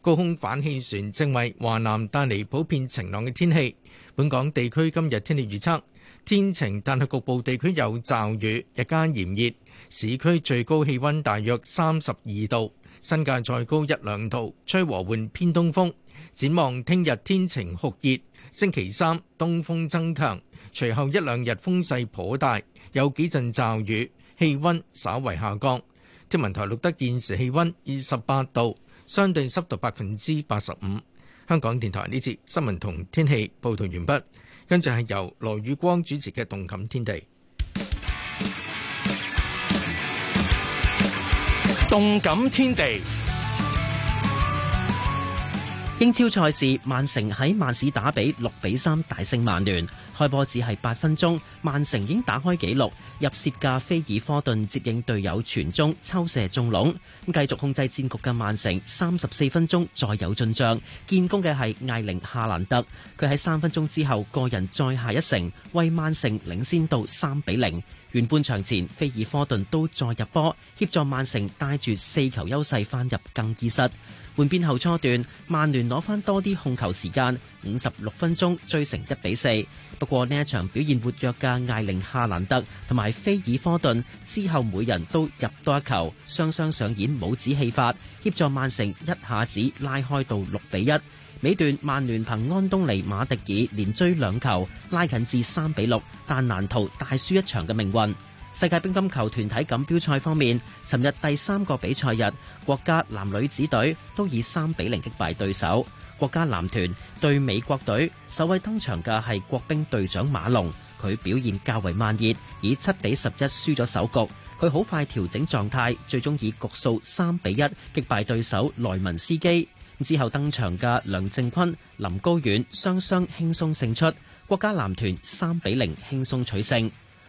Speaker 9: 高空反氣旋正為華南帶嚟普遍晴朗嘅天氣。本港地區今日天氣預測天晴，但係局部地區有驟雨。日間炎熱，市區最高氣温大約三十二度，新界再高一兩度。吹和緩偏東風。展望聽日天晴酷熱，星期三東風增強，隨後一兩日風勢頗大，有幾陣驟雨，氣温稍為下降。天文台錄得現時氣温二十八度。相對濕度百分之八十五。香港電台呢節新聞同天氣報道完畢，跟住係由羅宇光主持嘅《動感天地》。動感天地。 [music] 英超賽事，
Speaker 10: 曼城喺曼市打比六比三大勝曼聯。開波只係八分鐘，曼城已經打開紀錄，入射架菲爾科頓接應隊友傳中，抽射中籠。咁繼續控制戰局嘅曼城，三十四分鐘再有進賬，建功嘅係艾靈夏蘭特，佢喺三分鐘之後個人再下一城，為曼城領先到三比零。完半場前，菲爾科頓都再入波，協助曼城帶住四球優勢返入更衣室。換邊後初段，曼聯攞翻多啲控球時間，五十六分鐘追成一比四。不過呢一場表現活躍嘅艾靈、夏蘭德同埋菲爾科頓之後，每人都入多一球，雙雙上演帽子戲法，協助曼城一下子拉開到六比一。尾段，曼聯憑安東尼馬迪爾連追兩球，拉近至三比六，但難逃大輸一場嘅命運。世界乒乓球團體錦標賽方面，尋日第三個比賽日，國家男女子隊都以三比零擊敗對手。國家男團對美國隊，首位登場嘅係國乒隊長馬龍，佢表現較為慢熱，以七比十一輸咗首局。佢好快調整狀態，最終以局數三比一擊敗對手萊文斯基。之後登場嘅梁靖昆、林高遠雙雙輕鬆勝出，國家男團三比零輕鬆取勝。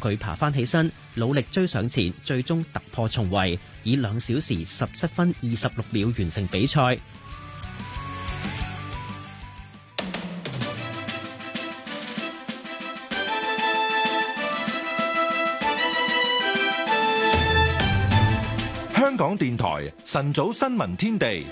Speaker 10: 佢爬翻起身，努力追上前，最終突破重圍，以兩小時十七分二十六秒完成比賽。
Speaker 1: 香港電台晨早新聞天地。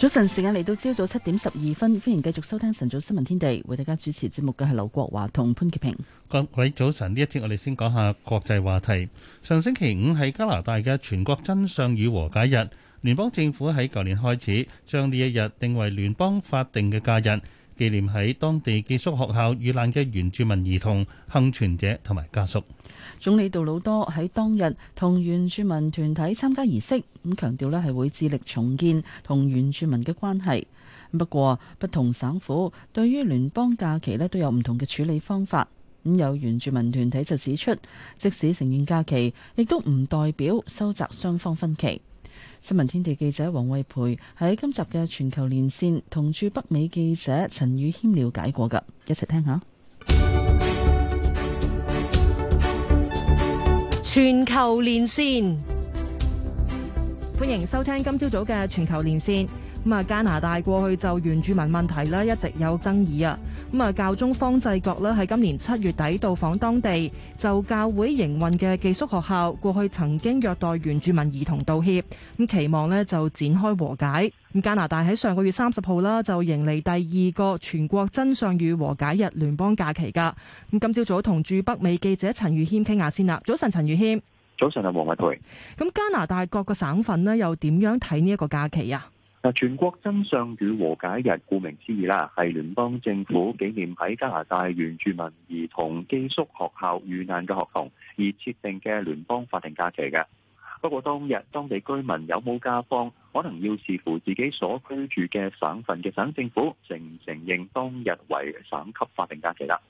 Speaker 1: 早
Speaker 2: 晨時間嚟到朝早七點十二分，歡迎繼續收聽晨早新聞天地，為大家主持節目嘅係劉國華同潘潔平。
Speaker 3: 各位早晨，呢一節我哋先講下國際話題。上星期五係加拿大嘅全國真相與和解日，聯邦政府喺舊年開始將呢一日定為聯邦法定嘅假日，紀念喺當地寄宿學校遇難嘅原住民兒童幸存者同埋家屬。
Speaker 2: 總理杜魯多喺當日同原住民團體參加儀式，咁強調咧係會致力重建同原住民嘅關係。不過不同省府對於聯邦假期咧都有唔同嘅處理方法。咁有原住民團體就指出，即使承認假期，亦都唔代表收窄雙方分歧。新聞天地記者黃慧培喺今集嘅全球連線同駐北美記者陳宇謙了解過㗎，一齊聽一下。全球連
Speaker 17: 線，歡迎收聽今朝早嘅全球連線。咁啊，加拿大過去就原住民問題咧，一直有爭議啊。咁啊，教宗方濟各咧喺今年七月底到訪當地，就教會營運嘅寄宿學校過去曾經虐待原住民兒童道歉，咁期望咧就展開和解。咁加拿大喺上個月三十號啦，就迎嚟第二個全國真相與和解日聯邦假期㗎。咁今朝早同駐北美記者陳宇謙傾下先啦。早晨，陳宇謙。
Speaker 4: 早晨啊，黃偉培。
Speaker 17: 咁加拿大各個省份咧又點樣睇呢一個假期啊？
Speaker 4: 嗱，全國真相與和解日，顧名思義啦，係聯邦政府紀念喺加拿大原住民兒童寄宿學校遇難嘅學童而設定嘅聯邦法定假期嘅。不過當日當地居民有冇假放，可能要視乎自己所居住嘅省份嘅省政府承唔承認當日為省級法定假期啦。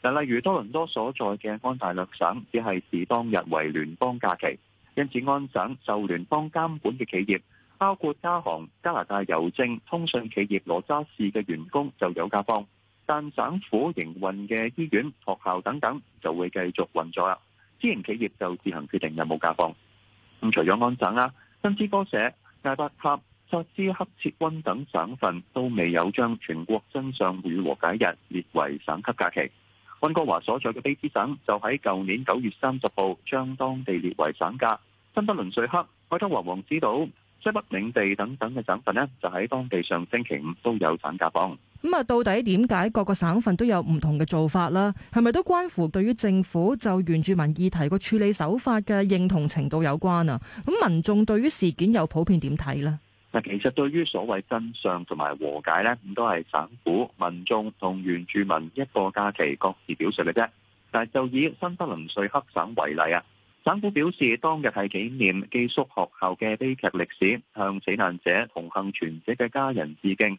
Speaker 4: 嗱，例如多倫多所在嘅安大略省，只係視當日為聯邦假期，因此安省受聯邦監管嘅企業，包括加航、加拿大郵政、通信企業羅渣士嘅員工就有假放，但省府營運嘅醫院、學校等等就會繼續運作啦。私營企業就自行決定有冇假放。咁、嗯、除咗安省啦、啊，新斯科舍艾伯塔、薩斯喀徹溫等省份都未有將全國真相與和解日列為省級假期。溫哥華所在嘅卑詩省就喺舊年九月三十號將當地列為省假。新不倫瑞克、愛德華王子島。西北領地等等嘅省份呢，就喺當地上星期五都有省假放。
Speaker 17: 咁啊，到底點解各個省份都有唔同嘅做法咧？係咪都關乎對於政府就原住民議題個處理手法嘅認同程度有關啊？咁民眾對於事件又普遍點睇呢？
Speaker 4: 誒，其實對於所謂真相同埋和解呢，咁都係省府、民眾同原住民一個假期各自表述嘅啫。但係就以新不倫瑞克省為例啊。省府表示，當日係紀念寄宿學校嘅悲劇歷史，向死難者同幸存者嘅家人致敬。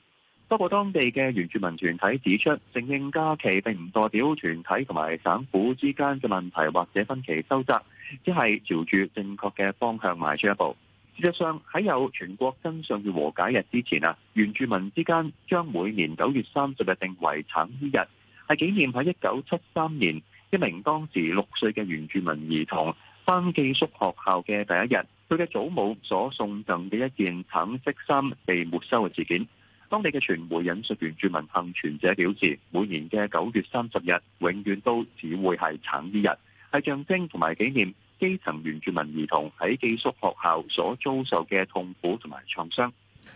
Speaker 4: 不過，當地嘅原住民團體指出，承認假期並唔代表團體同埋省府之間嘅問題或者分歧收窄，只係朝住正確嘅方向邁出一步。事實上，喺有全國真相與和解日之前啊，原住民之間將每年九月三十日定為橙衫日，係紀念喺一九七三年一名當時六歲嘅原住民兒童。翻寄宿學校嘅第一日，佢嘅祖母所送贈嘅一件橙色衫被沒收嘅事件，當地嘅傳媒引述原住民幸存者表示，每年嘅九月三十日永遠都只會係橙衣日，係象徵同埋紀念基層原住民兒童喺寄宿學校所遭受嘅痛苦同埋創傷。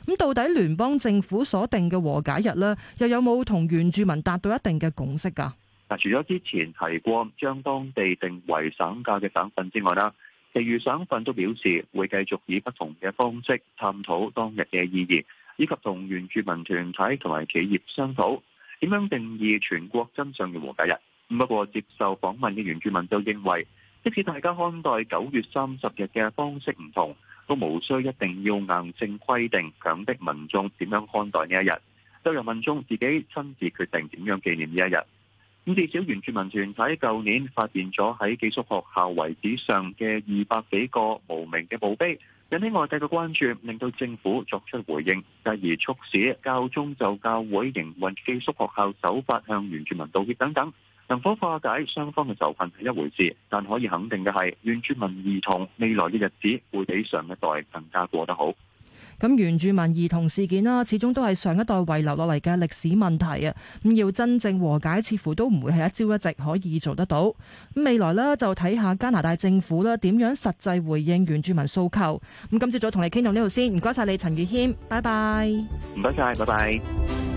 Speaker 17: 咁到底聯邦政府所定嘅和解日咧，又有冇同原住民達到一定嘅共識啊？
Speaker 4: 嗱，除咗之前提過將當地定為省假嘅省份之外啦，其餘省份都表示會繼續以不同嘅方式探討當日嘅意義，以及同原住民團體同埋企業商討點樣定義全國真相嘅和解日。唔不過接受訪問嘅原住民都認為，即使大家看待九月三十日嘅方式唔同，都無需一定要硬性規定強迫民眾點樣看待呢一日，都由民眾自己親自決定點樣紀念呢一日。咁至少原住民團體舊年發現咗喺寄宿學校遺址上嘅二百幾個無名嘅墓碑，引起外界嘅關注，令到政府作出回應，繼而促使教宗就教會營運寄宿學校手法向原住民道歉等等，能否化解雙方嘅仇恨係一回事，但可以肯定嘅係原住民兒童未來嘅日子會比上一代更加過得好。
Speaker 17: 咁原住民兒童事件啦，始終都係上一代遺留落嚟嘅歷史問題啊！咁要真正和解，似乎都唔會係一朝一夕可以做得到。咁未來呢，就睇下加拿大政府呢點樣實際回應原住民訴求。咁今朝早同你傾到呢度先，唔該晒你，陳宇軒，拜拜。
Speaker 4: 唔該曬，拜拜。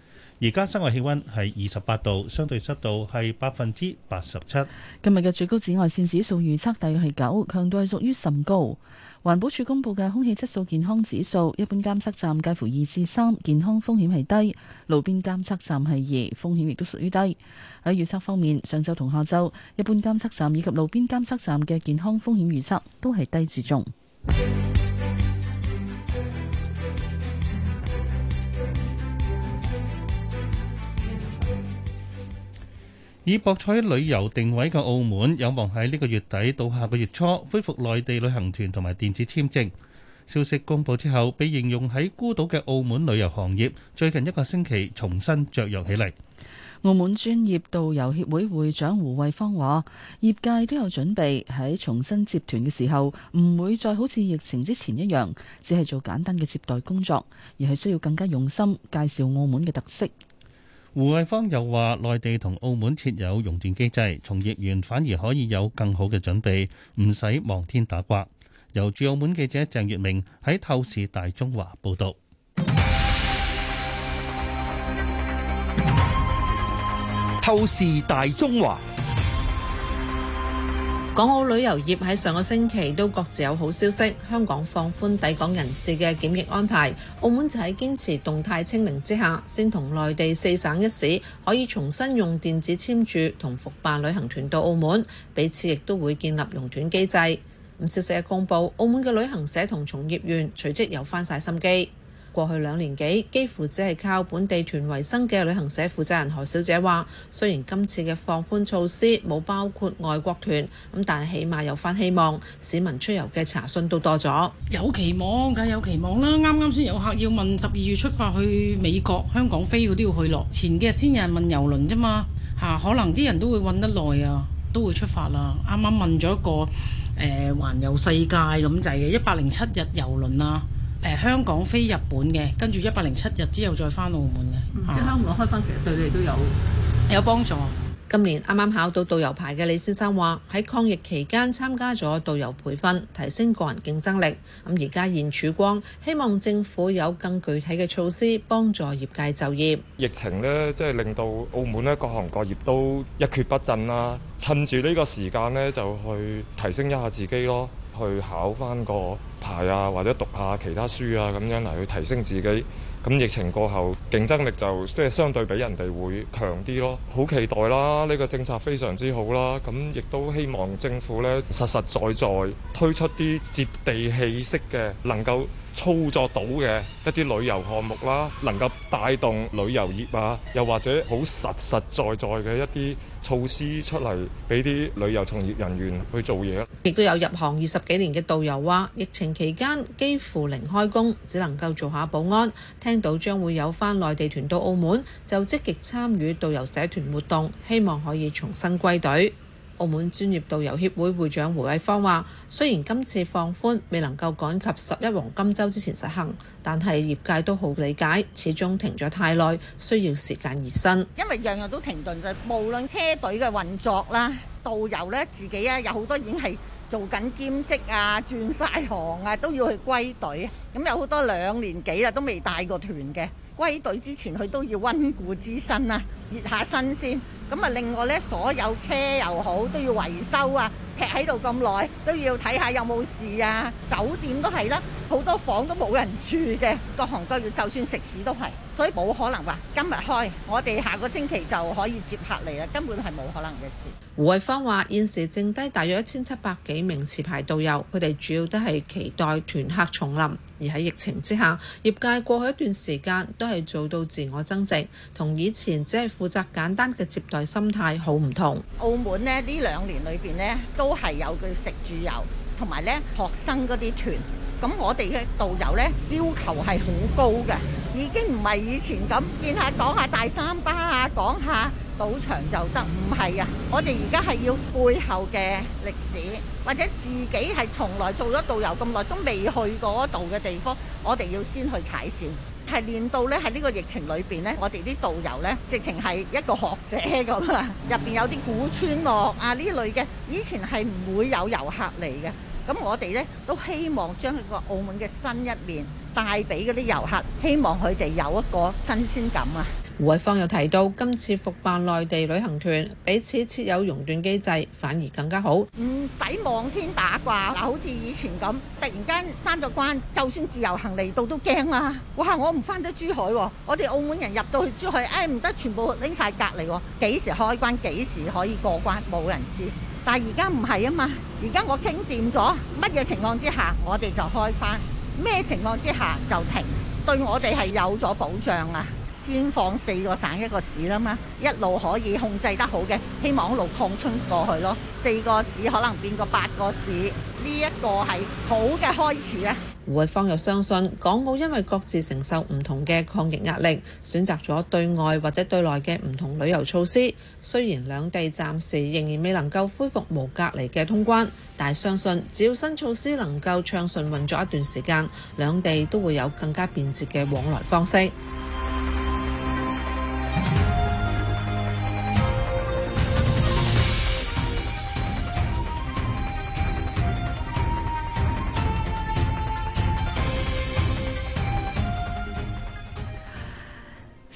Speaker 3: 而家室外氣溫係二十八度，相對濕度係百分之八十七。
Speaker 2: 今日嘅最高紫外線指數預測大約係九，強度係屬於甚高。環保署公布嘅空氣質素健康指數，一般監測站介乎二至三，健康風險係低；路邊監測站係二，風險亦都屬於低。喺預測方面，上晝同下晝，一般監測站以及路邊監測站嘅健康風險預測都係低至中。
Speaker 3: 以博彩旅遊定位嘅澳門有望喺呢個月底到下個月初恢復內地旅行團同埋電子簽證。消息公佈之後，被形容喺孤島嘅澳門旅遊行業最近一個星期重新着揚起嚟。
Speaker 2: 澳門專業導遊協會會長胡慧芳話，業界都有準備喺重新接團嘅時候，唔會再好似疫情之前一樣，只係做簡單嘅接待工作，而係需要更加用心介紹澳門嘅特色。
Speaker 3: 胡衛芳又話：內地同澳門設有熔斷機制，從業員反而可以有更好嘅準備，唔使望天打卦。由駐澳門記者鄭月明喺《透視大中華》報道，
Speaker 4: 《透視大中華》。
Speaker 18: 港澳旅遊業喺上個星期都各自有好消息。香港放寬抵港人士嘅檢疫安排，澳門就喺堅持動態清零之下，先同內地四省一市可以重新用電子簽注同復辦旅行團到澳門，彼此亦都會建立融團機制熔斷機制。咁消息一公布，澳門嘅旅行社同從業員隨即又翻晒心機。過去兩年幾幾乎只係靠本地團為生嘅旅行社負責人何小姐話，雖然今次嘅放寬措施冇包括外國團，咁但係起碼有返希望，市民出遊嘅查詢都多咗。有期望梗係有期望啦！啱啱先有客要問十二月出
Speaker 17: 發去美國、香港飛嗰啲要去落。前幾日先有人問遊輪啫嘛，嚇可能啲人都會揾得耐啊，都會出發啦。啱啱問咗一個誒環遊世界咁就係一百零七日遊輪啊！誒、呃、香港飛日本嘅，跟住一百零七日之後再翻澳門嘅，啊、即係香港開翻，其實
Speaker 18: 對你哋都有、嗯、有幫助。今年啱啱考到導遊牌嘅李先生話，喺抗疫期間參加咗導遊培訓，提升個人競爭力。咁而家現曙光，希望政府有更具體嘅措施幫助業界就業。
Speaker 12: 疫情咧，即係令到澳門咧，各行各業都一蹶不振啦、啊。趁住呢個時間咧，就去提升一下自己咯，去考翻個。排啊，或者讀下其他書啊，咁樣嚟去提升自己。咁疫情過後競爭力就即係相對比人哋會強啲咯，好期待啦！呢個政策非常之好啦，咁亦都希望政府咧實實在在推出啲接地氣式嘅能夠操作到嘅一啲旅遊項目啦，能夠帶動旅遊業啊，又或者好實實在在嘅一啲措施出嚟，俾啲旅遊從業人員去做嘢，
Speaker 18: 亦都有入行二十幾年嘅導遊話，疫情期間幾乎零開工，只能夠做下保安。聽到將會有返內地團到澳門，就積極參與導遊社團活動，希望可以重新歸隊。澳門專業導遊協會會長胡偉芳話：雖然今次放寬未能夠趕及十一黃金周之前實行，但係業界都好理解，始終停咗太耐，需要時間熱身。
Speaker 19: 因為樣樣都停頓，就係無論車隊嘅運作啦，導遊咧自己啊，有好多已經係。做緊兼職啊，轉曬行啊，都要去歸隊。咁有好多兩年幾啦，都未帶過團嘅。歸隊之前，佢都要溫故知新啦。熱下身先咁啊！另外呢？所有車又好都要維修啊，劈喺度咁耐都要睇下有冇事啊。酒店都係啦，好多房都冇人住嘅，各行各業就算食肆都係，所以冇可能話今日開，我哋下個星期就可以接客嚟啦，根本係冇可能嘅事。
Speaker 18: 胡慧芳話：現時剩低大約一千七百幾名持牌導遊，佢哋主要都係期待團客重臨，而喺疫情之下，業界過去一段時間都係做到自我增值，同以前只係，負責簡單嘅接待心態好唔同。
Speaker 19: 澳門咧呢兩年裏邊咧都係有佢食住遊，同埋咧學生嗰啲團。咁我哋嘅導遊咧要求係好高嘅，已經唔係以前咁見下講下大三巴啊，講下賭場就得。唔係啊，我哋而家係要背後嘅歷史，或者自己係從來做咗導遊咁耐都未去過嗰度嘅地方，我哋要先去踩線。係練到咧喺呢個疫情裏邊咧，我哋啲導遊咧，直情係一個學者咁啊！入邊有啲古村落啊呢類嘅，以前係唔會有遊客嚟嘅。咁我哋咧都希望將佢個澳門嘅新一面帶俾嗰啲遊客，希望佢哋有一個新鮮感啊！
Speaker 18: 胡慧芳又提到，今次復辦內地旅行團，彼此設有熔斷機制，反而更加好。
Speaker 19: 唔使望天打卦，嗱，好似以前咁，突然間閂咗關，就算自由行嚟到都驚啦。哇！我唔翻得珠海喎，我哋澳門人入到去珠海，哎，唔得，全部拎晒隔離喎。幾時開關？幾時可以過關？冇人知。但係而家唔係啊嘛，而家我傾掂咗，乜嘢情況之下我哋就開翻，咩情況之下就停，對我哋係有咗保障啊！先放四個省一個市啦嘛，一路可以控制得好嘅，希望一路擴充過去咯。四個市可能變個八個市，呢、這、一個係好嘅開始啊。
Speaker 18: 胡慧芳又相信，港澳因為各自承受唔同嘅抗疫壓力，選擇咗對外或者對內嘅唔同旅遊措施。雖然兩地暫時仍然未能夠恢復無隔離嘅通關，但係相信只要新措施能夠暢順運作一段時間，兩地都會有更加便捷嘅往來方式。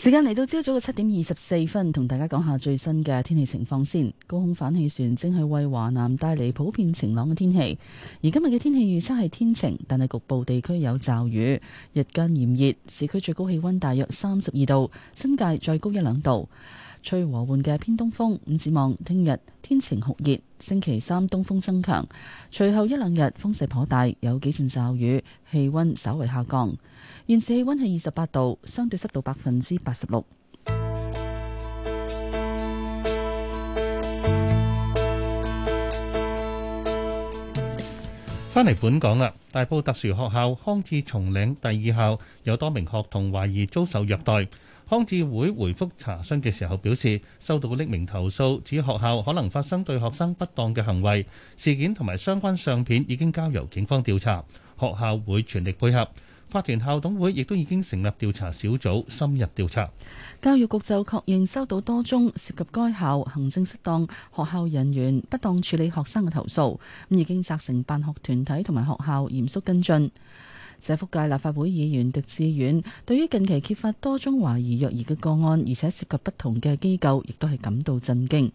Speaker 2: 時間嚟到朝早嘅七點二十四分，同大家講下最新嘅天氣情況先。高空反氣旋正係為華南帶嚟普遍晴朗嘅天氣，而今日嘅天氣預測係天晴，但係局部地區有驟雨。日間炎熱，市區最高氣溫大約三十二度，新界再高一兩度。吹和緩嘅偏東風，五指望聽日天晴酷熱。星期三東風增強，隨後一兩日風勢頗大，有幾陣驟雨，氣溫稍為下降。現時氣溫係二十八度，相對濕度百分之八十六。
Speaker 3: 翻嚟本港啦，大埔特殊學校康智松嶺第二校有多名學童懷疑遭受虐待。康智會回覆查詢嘅時候表示，收到匿名投訴，指學校可能發生對學生不當嘅行為，事件同埋相關相片已經交由警方調查，學校會全力配合。法團校董會亦都已經成立調查小組，深入調查。
Speaker 2: 教育局就確認收到多宗涉及該校行政失當、學校人員不當處理學生嘅投訴，咁已經責成辦學團體同埋學校嚴肅跟進。社福界立法會議員狄志遠對於近期揭發多宗懷疑虐兒嘅個案，而且涉及不同嘅機構，亦都係感到震驚。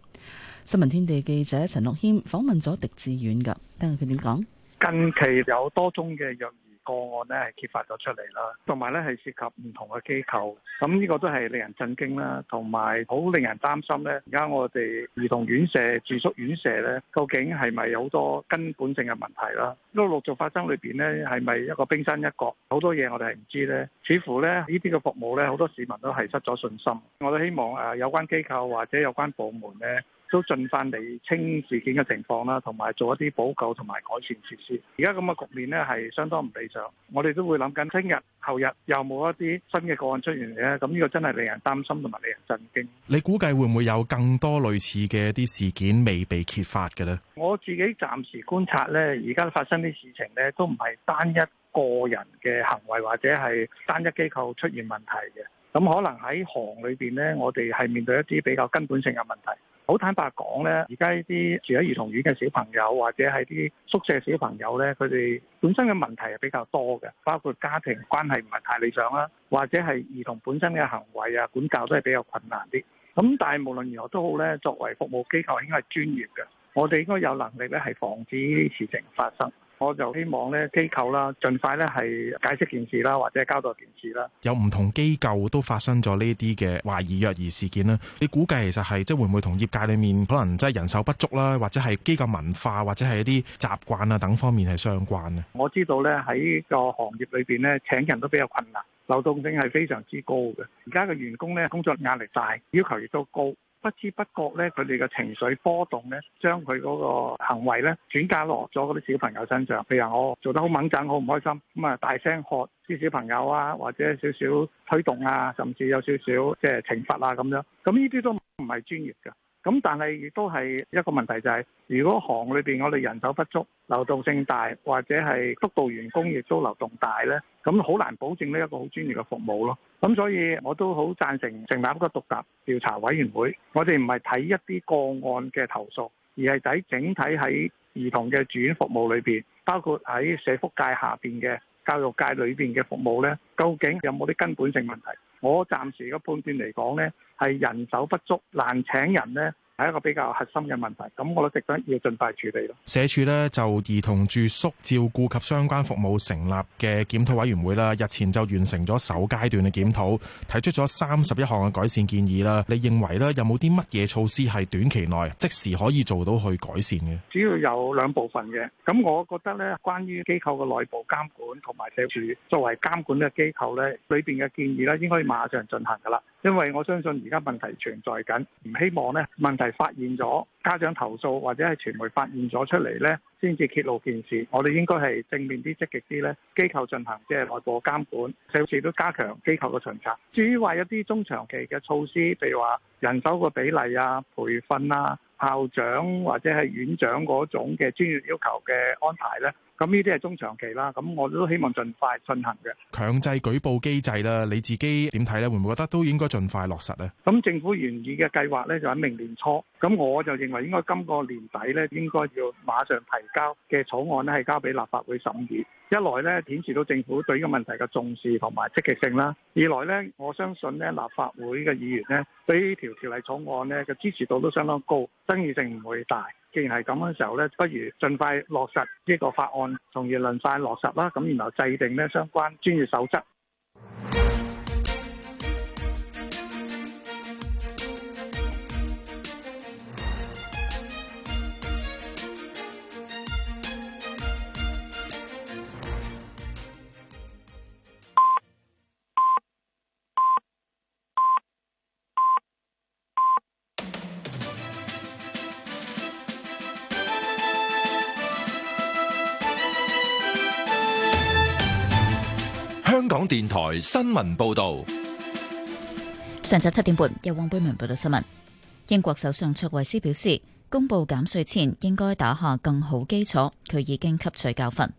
Speaker 2: 新聞天地記者陳樂謙訪問咗狄志遠，噶，聽佢點講。
Speaker 20: 近期有多宗嘅虐兒。個案咧，係揭發咗出嚟啦，同埋咧，係涉及唔同嘅機構，咁呢個都係令人震驚啦，同埋好令人擔心咧。而家我哋兒童院舍、住宿院舍咧，究竟係咪有好多根本性嘅問題啦？呢個陸續發生裏邊咧，係咪一個冰山一角？好多嘢我哋係唔知咧，似乎咧呢啲嘅服務咧，好多市民都係失咗信心。我都希望誒，有關機構或者有關部門咧。都盡快釐清事件嘅情況啦，同埋做一啲補救同埋改善措施。而家咁嘅局面呢，係相當唔理想。我哋都會諗緊，聽日、後日有冇一啲新嘅個案出現呢？咁呢個真係令人擔心同埋令人震驚。
Speaker 1: 你估計會唔會有更多類似嘅一啲事件未被揭發嘅呢？
Speaker 20: 我自己暫時觀察呢，而家發生啲事情呢，都唔係單一個人嘅行為或者係單一機構出現問題嘅。咁可能喺行裏邊呢，我哋係面對一啲比較根本性嘅問題。好坦白講，呢而家呢啲住喺兒童院嘅小朋友，或者係啲宿舍小朋友，呢佢哋本身嘅問題係比較多嘅，包括家庭關係唔係太理想啦，或者係兒童本身嘅行為啊、管教都係比較困難啲。咁但係無論如何都好，呢作為服務機構，應該係專業嘅，我哋應該有能力咧係防止呢啲事情發生。我就希望咧，機構啦，盡快咧係解釋件事啦，或者交代件事啦。
Speaker 1: 有唔同機構都發生咗呢啲嘅懷疑虐兒事件啦。你估計其實係即係會唔會同業界裡面可能即係人手不足啦，或者係機構文化或者係一啲習慣啊等方面係相關嘅？
Speaker 20: 我知道咧喺個行業裏邊咧請人都比較困難，流動性係非常之高嘅。而家嘅員工咧工作壓力大，要求亦都高。不知不覺咧，佢哋嘅情緒波動咧，將佢嗰個行為咧轉嫁落咗嗰啲小朋友身上。譬如我做得好掹憎，好唔開心，咁咪大聲喝啲小朋友啊，或者少少推動啊，甚至有少少即係懲罰啊咁樣。咁呢啲都唔係專業嘅。咁但係亦都係一個問題，就係，就係如果行裏邊我哋人手不足、流動性大，或者係督導員工亦都流動大呢，咁好難保證呢一個好專業嘅服務咯。咁所以我都好贊成成立一個獨立調查委員會。我哋唔係睇一啲個案嘅投訴，而係睇整體喺兒童嘅住院服務裏邊，包括喺社福界下邊嘅教育界裏邊嘅服務呢，究竟有冇啲根本性問題？我暫時嘅判斷嚟講咧，係人手不足，難請人咧。係一個比較核心嘅問題，咁我都值得要盡快處理咯。
Speaker 1: 社署呢就兒童住宿照顧及相關服務成立嘅檢討委員會啦，日前就完成咗首階段嘅檢討，提出咗三十一項嘅改善建議啦。你認為呢有冇啲乜嘢措施係短期內即時可以做到去改善嘅？
Speaker 20: 主要有兩部分嘅，咁我覺得呢關於機構嘅內部監管同埋社署作為監管嘅機構呢裏邊嘅建議咧，應該馬上進行噶啦。因為我相信而家問題存在緊，唔希望咧問題發現咗，家長投訴或者係傳媒發現咗出嚟咧，先至揭露件事。我哋應該係正面啲、積極啲咧，機構進行即係內部監管，社會事都加強機構嘅巡查。至於話一啲中長期嘅措施，譬如話人手個比例啊、培訓啊、校長或者係院長嗰種嘅專業要求嘅安排咧。咁呢啲係中長期啦，咁我都希望盡快進行嘅。
Speaker 1: 強制舉報機制啦，你自己點睇咧？會唔會覺得都應該盡快落實咧？咁政府
Speaker 20: 原意嘅計劃咧，就喺明年初。咁我就認為應該今個年底咧，應該要馬上提交嘅草案咧，係交俾立法會審議。一來咧，顯示到政府對呢個問題嘅重視同埋積極性啦；二來咧，我相信咧，立法會嘅議員咧，對呢條條例草案咧嘅支持度都相當高，爭議性唔會大。既然係咁嘅時候咧，不如盡快落實呢個法案，從而輪快落實啦。咁然後制定呢相關專業守則。
Speaker 1: 電台新聞報道，
Speaker 15: 上晝七點半，有汪貝文報道新聞。英國首相卓慧斯表示，公布減稅前應該打下更好基礎，佢已經吸取教訓。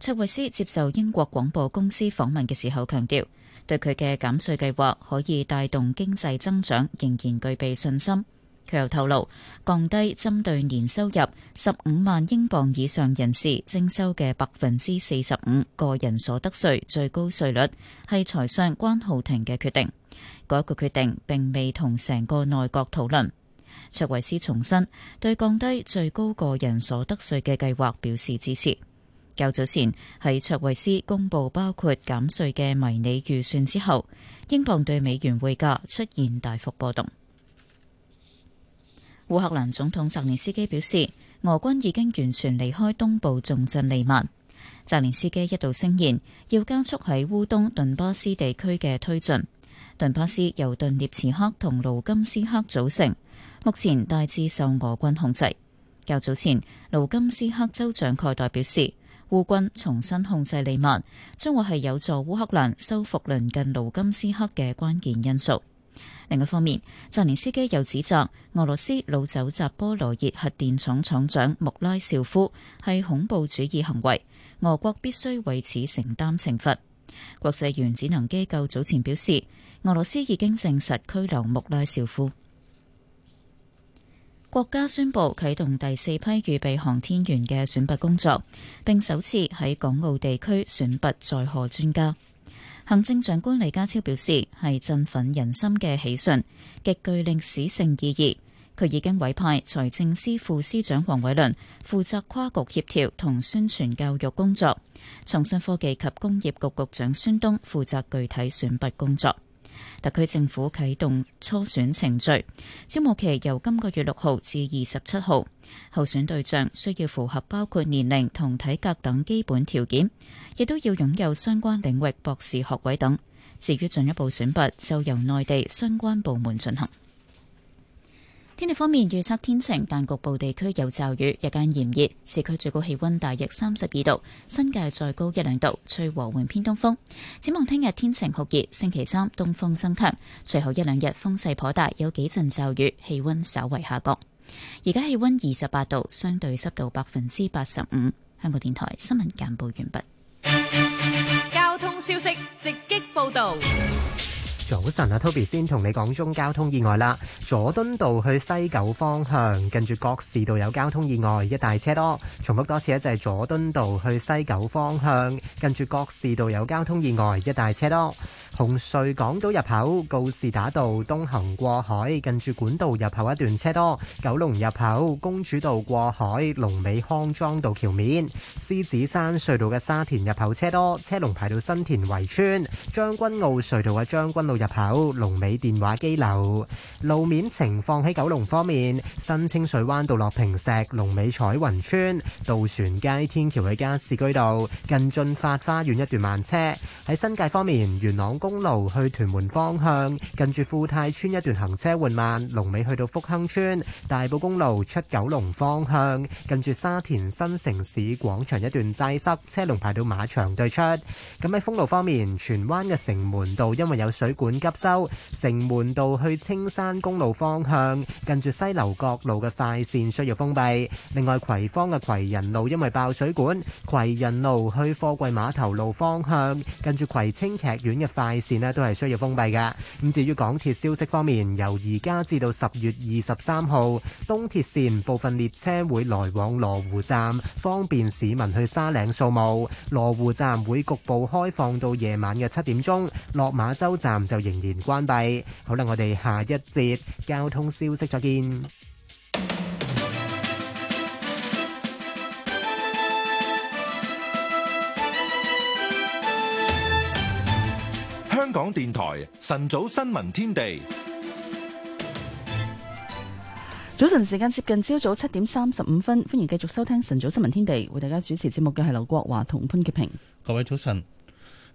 Speaker 15: 卓慧斯接受英國廣播公司訪問嘅時候強調，對佢嘅減稅計劃可以帶動經濟增長，仍然具備信心。佢又透露，降低針對年收入十五萬英鎊以上人士徵收嘅百分之四十五個人所得稅最高稅率，係財相關浩庭嘅決定。嗰一個決定並未同成個內閣討論。卓維斯重申對降低最高個人所得稅嘅計劃表示支持。較早前喺卓維斯公布包括減稅嘅迷你預算之後，英鎊對美元匯價出現大幅波動。烏克蘭總統澤連斯基表示，俄軍已經完全離開東部重鎮利曼。澤連斯基一度聲言要加速喺烏東頓巴斯地區嘅推進。頓巴斯由頓涅茨克同盧金斯克組成，目前大致受俄軍控制。較早前，盧金斯克州長蓋代表示，烏軍重新控制利曼，將會係有助烏克蘭收復鄰近盧金斯克嘅關鍵因素。另一方面，澤連斯基又指責俄羅斯擄走扎波羅熱核電廠廠長穆拉紹夫係恐怖主義行為，俄國必須為此承擔懲罰。國際原子能機構早前表示，俄羅斯已經證實拘留穆拉紹夫。國家宣布啟動第四批預備航天員嘅選拔工作，並首次喺港澳地區選拔載荷專家。行政長官李家超表示，係振奮人心嘅喜訊，極具歷史性意義。佢已經委派財政司副司長黃偉綸負責跨局協調同宣傳教育工作，創新科技及工業局局長孫東負責具體選拔工作。特區政府啟動初選程序，招募期由今個月六號至二十七號。候選對象需要符合包括年齡同體格等基本條件，亦都要擁有相關領域博士學位等。至於進一步選拔，就由內地相關部門進行。天氣方面預測天晴，但局部地區有驟雨，日間炎熱，市區最高氣溫大約三十二度，新界再高一兩度，吹和緩偏東風。展望聽日天晴酷熱，星期三東風增強，隨後一兩日風勢頗大，有幾陣驟雨，氣温稍為下降。而家氣温二十八度，相對濕度百分之八十五。香港電台新聞簡報完畢。
Speaker 8: 交通消息直擊報道。
Speaker 15: 早晨啊，Toby 先同你講中交通意外啦。
Speaker 13: 佐敦道去西九方向，近住各市道有交通意外，一大車多。重複多次一就係、是、佐敦道去西九方向，近住各市道有交通意外，一大車多。紅隧港島入口告士打道東行過海，近住管道入口一段車多。九龍入口公主道過海，龍尾康莊道橋面，獅子山隧道嘅沙田入口車多，車龍排到新田圍村，將軍澳隧道嘅將軍路入口龍尾電話機樓路面情況喺九龍方面，新清水灣道落坪石龍尾彩雲邨渡船街天橋去加士居道近駿發花園一段慢車；喺新界方面，元朗公路去屯門方向近住富泰邨一段行車緩慢，龍尾去到福亨村大埔公路出九龍方向近住沙田新城市廣場一段擠塞，車龍排到馬場對出。咁喺封路方面，荃灣嘅城門道因為有水管。本急收，城門道去青山公路方向，近住西樓角路嘅快線需要封閉。另外，葵芳嘅葵仁路因為爆水管，葵仁路去貨櫃碼頭路方向，近住葵青劇院嘅快線咧都係需要封閉嘅。咁至於港鐵消息方面，由而家至到十月二十三號，東鐵綫部分列車會來往羅湖站，方便市民去沙嶺掃墓。羅湖站會局部開放到夜晚嘅七點鐘，落馬洲站就仍然關閉。好啦，我哋下一節交通消息再見。
Speaker 1: 香港電台晨早新聞天地，
Speaker 2: 早晨時間接近朝早七點三十五分，歡迎繼續收聽晨早新聞天地。為大家主持節目嘅係劉國華同潘潔平。
Speaker 3: 各位早晨。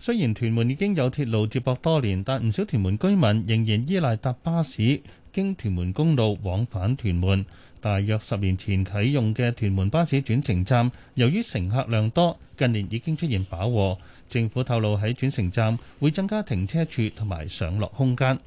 Speaker 3: 雖然屯門已經有鐵路接駁多年，但唔少屯門居民仍然依賴搭巴士經屯門公路往返屯門。大約十年前啟用嘅屯門巴士轉乘站，由於乘客量多，近年已經出現飽和。政府透露喺轉乘站會增加停車處同埋上落空間。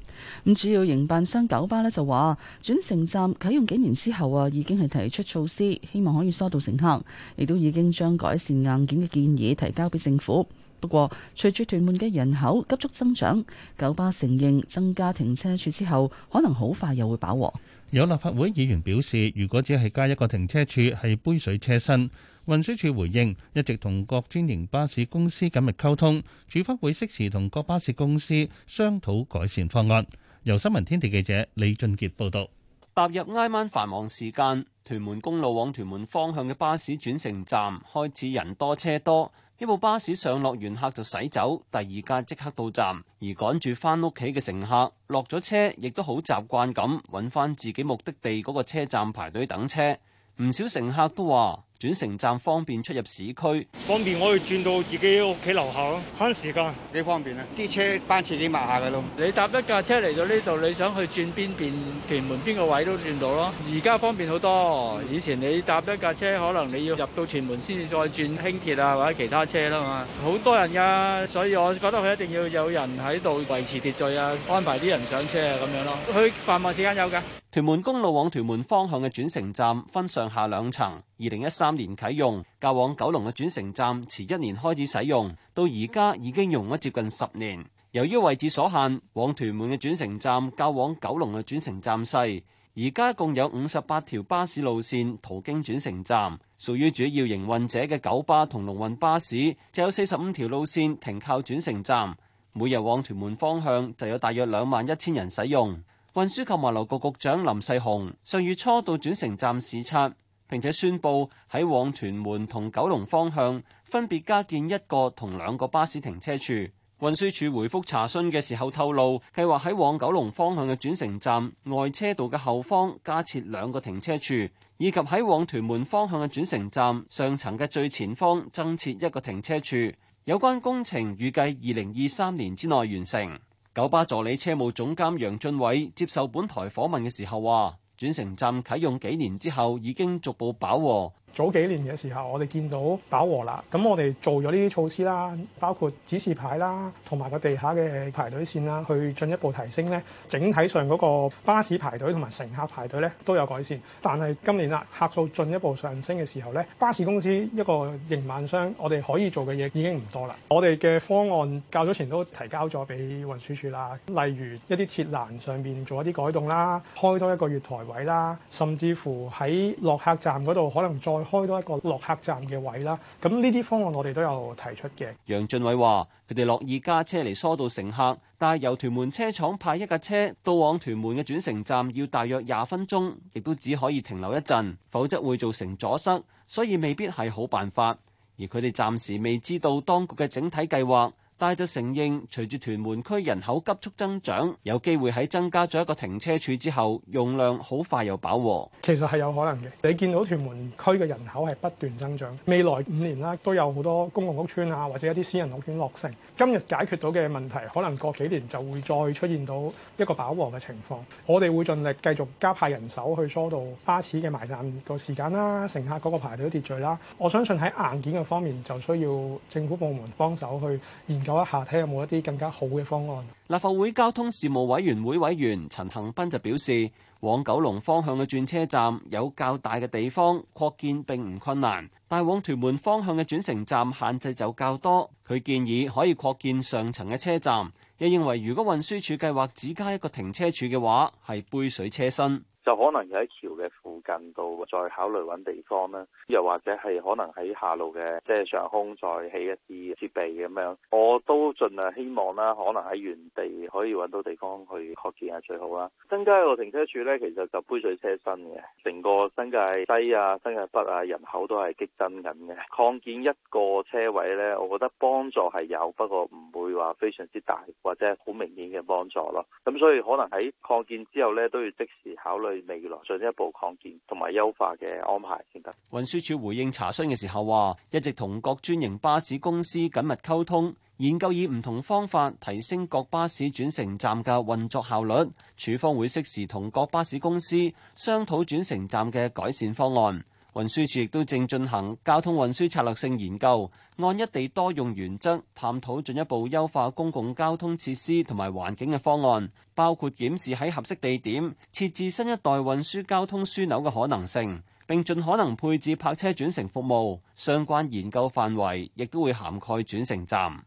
Speaker 3: 咁
Speaker 2: 主要營辦商九巴呢就話，轉乘站啟用幾年之後啊，已經係提出措施，希望可以疏導乘客，亦都已經將改善硬件嘅建議提交俾政府。不過，隨住屯門嘅人口急速增長，九巴承認增加停車處之後，可能好快又會飽和。
Speaker 3: 有立法會議員表示，如果只係加一個停車處，係杯水車薪。運輸署回應，一直同各專營巴士公司緊密溝通，署方會適時同各巴士公司商討改善方案。由新聞天地記者李俊杰報道。
Speaker 21: 踏入挨晚繁忙時間，屯門公路往屯門方向嘅巴士轉乘站開始人多車多。一部巴士上落完客就駛走，第二架即刻到站，而趕住翻屋企嘅乘客落咗車，亦都好習慣咁揾翻自己目的地嗰個車站排隊等車。唔少乘客都話。轉乘站方便出入市區，方便我可以轉到自己屋企樓下咯，慳時間幾方便啊！啲車班次幾密下噶咯。你
Speaker 12: 搭一架車嚟到呢度，你想去轉邊邊屯門邊個位都轉到咯。而家方便好多，以前你搭一架車可能你要入到屯門先至再轉輕鐵啊，或者其他車啦嘛。好多人噶，所以我覺得佢
Speaker 21: 一定要有人喺度維持秩序啊，安排啲人上車啊，咁樣咯。佢繁忙時間有噶。屯門公路往屯門方向嘅轉乘站分上下兩層。二零一三年啟用，較往九龍嘅轉乘站遲一年開始使用，到而家已經用咗接近十年。由於位置所限，往屯門嘅轉乘站較往九龍嘅轉乘站細。而家共有五十八條巴士路線途經轉乘站，屬於主要營運者嘅九巴同龍運巴士，就有四十五條路線停靠轉乘站。每日往屯門方向就有大約兩萬一千人使用。運輸及物流局局長林世雄上月初到轉乘站視察。並且宣布喺往屯門同九龍方向分別加建一個同兩個巴士停車處。運輸署回覆查詢嘅時候透露，計劃喺往九龍方向嘅轉乘站外車道嘅後方加設兩個停車處，以及喺往屯門方向嘅轉乘站上層嘅最前方增設一個停車處。有關工程預計二零二三年之內完成。九巴助理車務總監楊俊偉接受本台訪問嘅時候話。轉乘站啟用幾年之後，已經逐步飽和。
Speaker 7: 早幾年嘅時候，我哋見到飽和啦，咁我哋做咗呢啲措施啦，包括指示牌啦，同埋個地下嘅排隊綫啦，去進一步提升呢。整體上嗰個巴士排隊同埋乘客排隊呢都有改善。但係今年啊，客數進一步上升嘅時候呢，巴士公司一個營辦商，我哋可以做嘅嘢已經唔多啦。我哋嘅方案較早前都提交咗俾運輸署啦，例如一啲鐵欄上面做一啲改動啦，開多一個月台位啦，甚至乎喺落客站嗰度可能再。再開多一個落客站嘅位啦，咁呢啲方案我哋都有提出嘅。
Speaker 21: 楊俊偉話：佢哋樂意加車嚟疏導乘客，但係由屯門車廠派一架車到往屯門嘅轉乘站要大約廿分鐘，亦都只可以停留一陣，否則會造成阻塞，所以未必係好辦法。而佢哋暫時未知道當局嘅整體計劃。但係就承認，隨住屯門區人口急速增長，有機會喺增加咗一個停車處之後，用量好快又飽和。
Speaker 7: 其實係有可能嘅。你見到屯門區嘅人口係不斷增長，未來五年啦，都有好多公共屋邨啊，或者一啲私人屋苑落成。今日解決到嘅問題，可能過幾年就會再出現到一個飽和嘅情況。我哋會盡力繼續加派人手去疏導巴士嘅埋站個時間啦，乘客嗰個排隊秩序啦。我相信喺硬件嘅方面，就需要政府部門幫手去研究。有下睇有冇一啲更加好嘅方案。
Speaker 21: 立法會交通事務委員會委員陳恒斌就表示，往九龍方向嘅轉車站有較大嘅地方擴建並唔困難，但往屯門方向嘅轉乘站限制就較多。佢建議可以擴建上層嘅車站，又認為如果運輸署計劃只加一個停車處嘅話，係杯水車薪。
Speaker 4: 就可能喺橋嘅附近度再考慮揾地方啦，又或者係可能喺下路嘅即係上空再起一啲設備咁樣，我都盡量希望啦，可能喺原地可以揾到地方去擴建係最好啦。增加個停車處呢，其實就杯水車薪嘅，成個新界西啊、新界北啊人口都係激增緊嘅，擴建一個車位呢，我覺得幫助係有，不過唔會話非常之大或者好明顯嘅幫助咯。咁所以可能喺擴建之後呢，都要即時考慮。未來進一步擴建同埋優化嘅安排先得。
Speaker 21: 運輸署回應查詢嘅時候話一直同各專營巴士公司緊密溝通，研究以唔同方法提升各巴士轉乘站嘅運作效率。署方會適時同各巴士公司商討轉乘站嘅改善方案。運輸署亦都正進行交通運輸策略性研究，按一地多用原則，探討進一步優化公共交通設施同埋環境嘅方案，包括檢視喺合適地點設置新一代運輸交通樞紐嘅可能性，並盡可能配置泊車轉乘服務。相關研究範圍亦都會涵蓋轉乘站。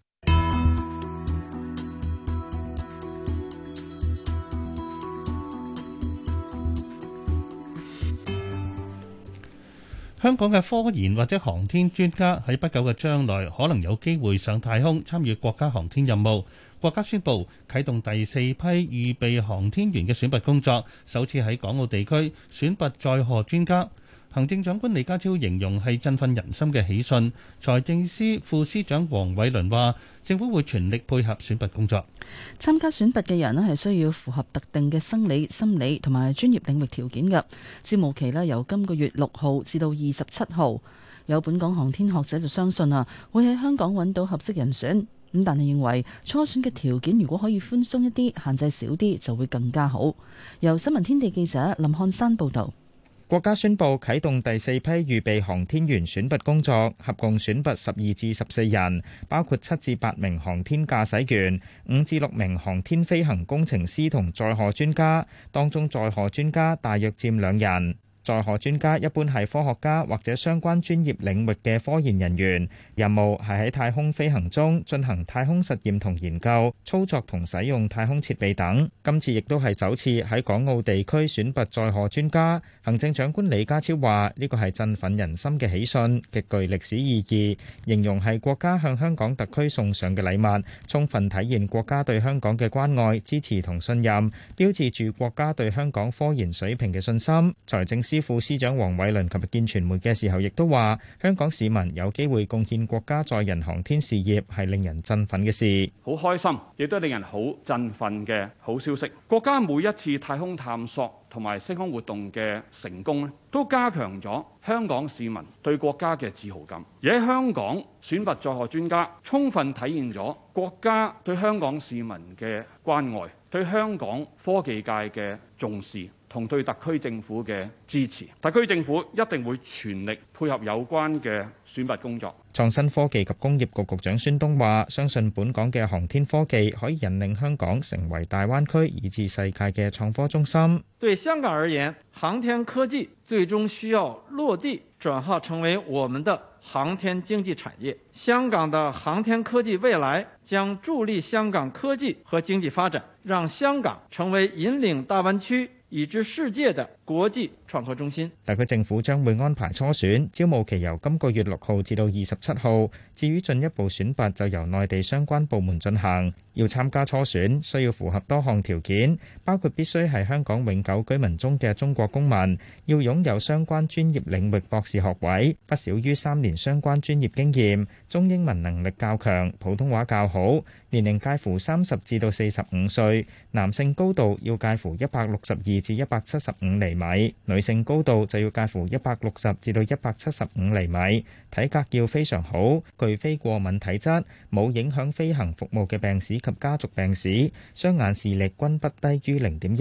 Speaker 3: 香港嘅科研或者航天專家喺不久嘅將來，可能有機會上太空參與國家航天任務。國家宣布啟動第四批預備航天員嘅選拔工作，首次喺港澳地區選拔載荷專家。行政長官李家超形容係振奮人心嘅喜訊，財政司副司長黃偉倫話。政府會全力配合選拔工作。
Speaker 2: 參加選拔嘅人呢係需要符合特定嘅生理、心理同埋專業領域條件嘅。招募期呢由今個月六號至到二十七號。有本港航天學者就相信啊，會喺香港揾到合適人選。咁但係認為初選嘅條件如果可以寬鬆一啲，限制少啲，就會更加好。由新聞天地記者林漢山報導。
Speaker 14: 國家宣布啟動第四批預備航天員選拔工作，合共選拔十二至十四人，包括七至八名航天駕駛員、五至六名航天飛行工程師同載荷專家。當中載荷專家大約佔兩人。載荷專家一般係科學家或者相關專業領域嘅科研人員，任務係喺太空飛行中進行太空實驗同研究，操作同使用太空設備等。今次亦都係首次喺港澳地區選拔載荷專家。行政長官李家超話：呢個係振奮人心嘅喜訊，極具歷史意義，形容係國家向香港特區送上嘅禮物，充分體現國家對香港嘅關愛、支持同信任，標誌住國家對香港科研水平嘅信心。財政司副司長黃偉綸琴日見傳媒嘅時候，亦都話：香港市民有機會貢獻國家載人航天事業，係令人振奮嘅事。
Speaker 12: 好開心，亦都令人好振奮嘅好消息。國家每一次太空探索，同埋星空活動嘅成功咧，都加強咗香港市民對國家嘅自豪感。而喺香港選拔在學專家，充分體現咗國家對香港市民嘅關愛，對香港科技界嘅重視。同對特區政府嘅支持，特區政府一定會全力配合有關嘅選拔工作。
Speaker 14: 創新科技及工業局局長孫東話：相信本港嘅航天科技可以引領香港成為大灣區以至世界嘅創科中心。
Speaker 9: 對香港而言，航天科技最終需要落地轉化，成為我們的航天經濟產業。香港的航天科技未來將助力香港科技和經濟發展，讓香港成為引領大灣區。以至世界的。國際創科中心，
Speaker 14: 特區政府將會安排初選招募期，由今個月六號至到二十七號。至於進一步選拔，就由內地相關部門進行。要參加初選，需要符合多項條件，包括必須係香港永久居民中嘅中國公民，要擁有相關專業領域博士學位，不少於三年相關專業經驗，中英文能力較強，普通話較好，年齡介乎三十至到四十五歲，男性高度要介乎一百六十二至一百七十五厘米。米女性高度就要介乎一百六十至到一百七十五厘米，體格要非常好，具非過敏體質，冇影響飛行服務嘅病史及家族病史，雙眼視力均不低於零點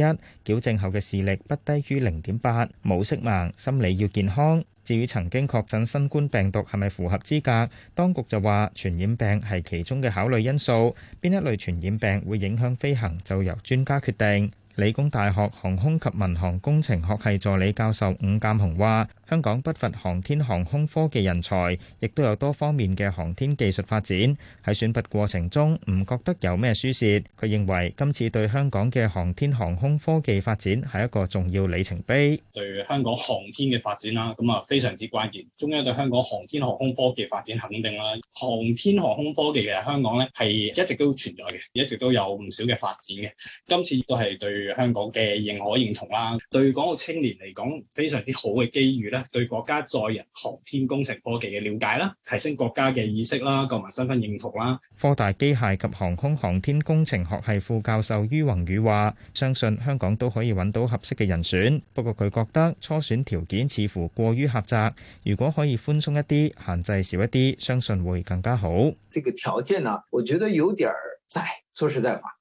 Speaker 14: 一，矯正後嘅視力不低於零點八，冇色盲，心理要健康。至於曾經確診新冠病毒係咪符合資格，當局就話傳染病係其中嘅考慮因素，邊一類傳染病會影響飛行就由專家決定。理工大學航空及民航工程學系助理教授伍鑑雄話。香港不乏航天航空科技人才，亦都有多方面嘅航天技術發展。喺選拔過程中，唔覺得有咩疏失。佢認為今次對香港嘅航天航空科技發展係一個重要里程碑。
Speaker 7: 對香港航天嘅發展啦，咁啊非常之關鍵。中央對香港航天航空科技發展肯定啦。航天航空科技嘅香港咧係一直都存在嘅，一直都有唔少嘅發展嘅。今次亦都係對香港嘅認可認同啦，對嗰個青年嚟講非常之好嘅機遇咧。對國家載人航天工程科技嘅了解啦，提升國家嘅意識啦，同埋身份認同啦。
Speaker 14: 科大機械及航空航天工程學系副教授于宏宇話，相信香港都可以揾到合適嘅人選。不過佢覺得初選條件似乎過於狹窄，如果可以寬鬆一啲，限制少一啲，相信會更加好。
Speaker 9: 這個條件呢，我覺得有點窄。說實在話。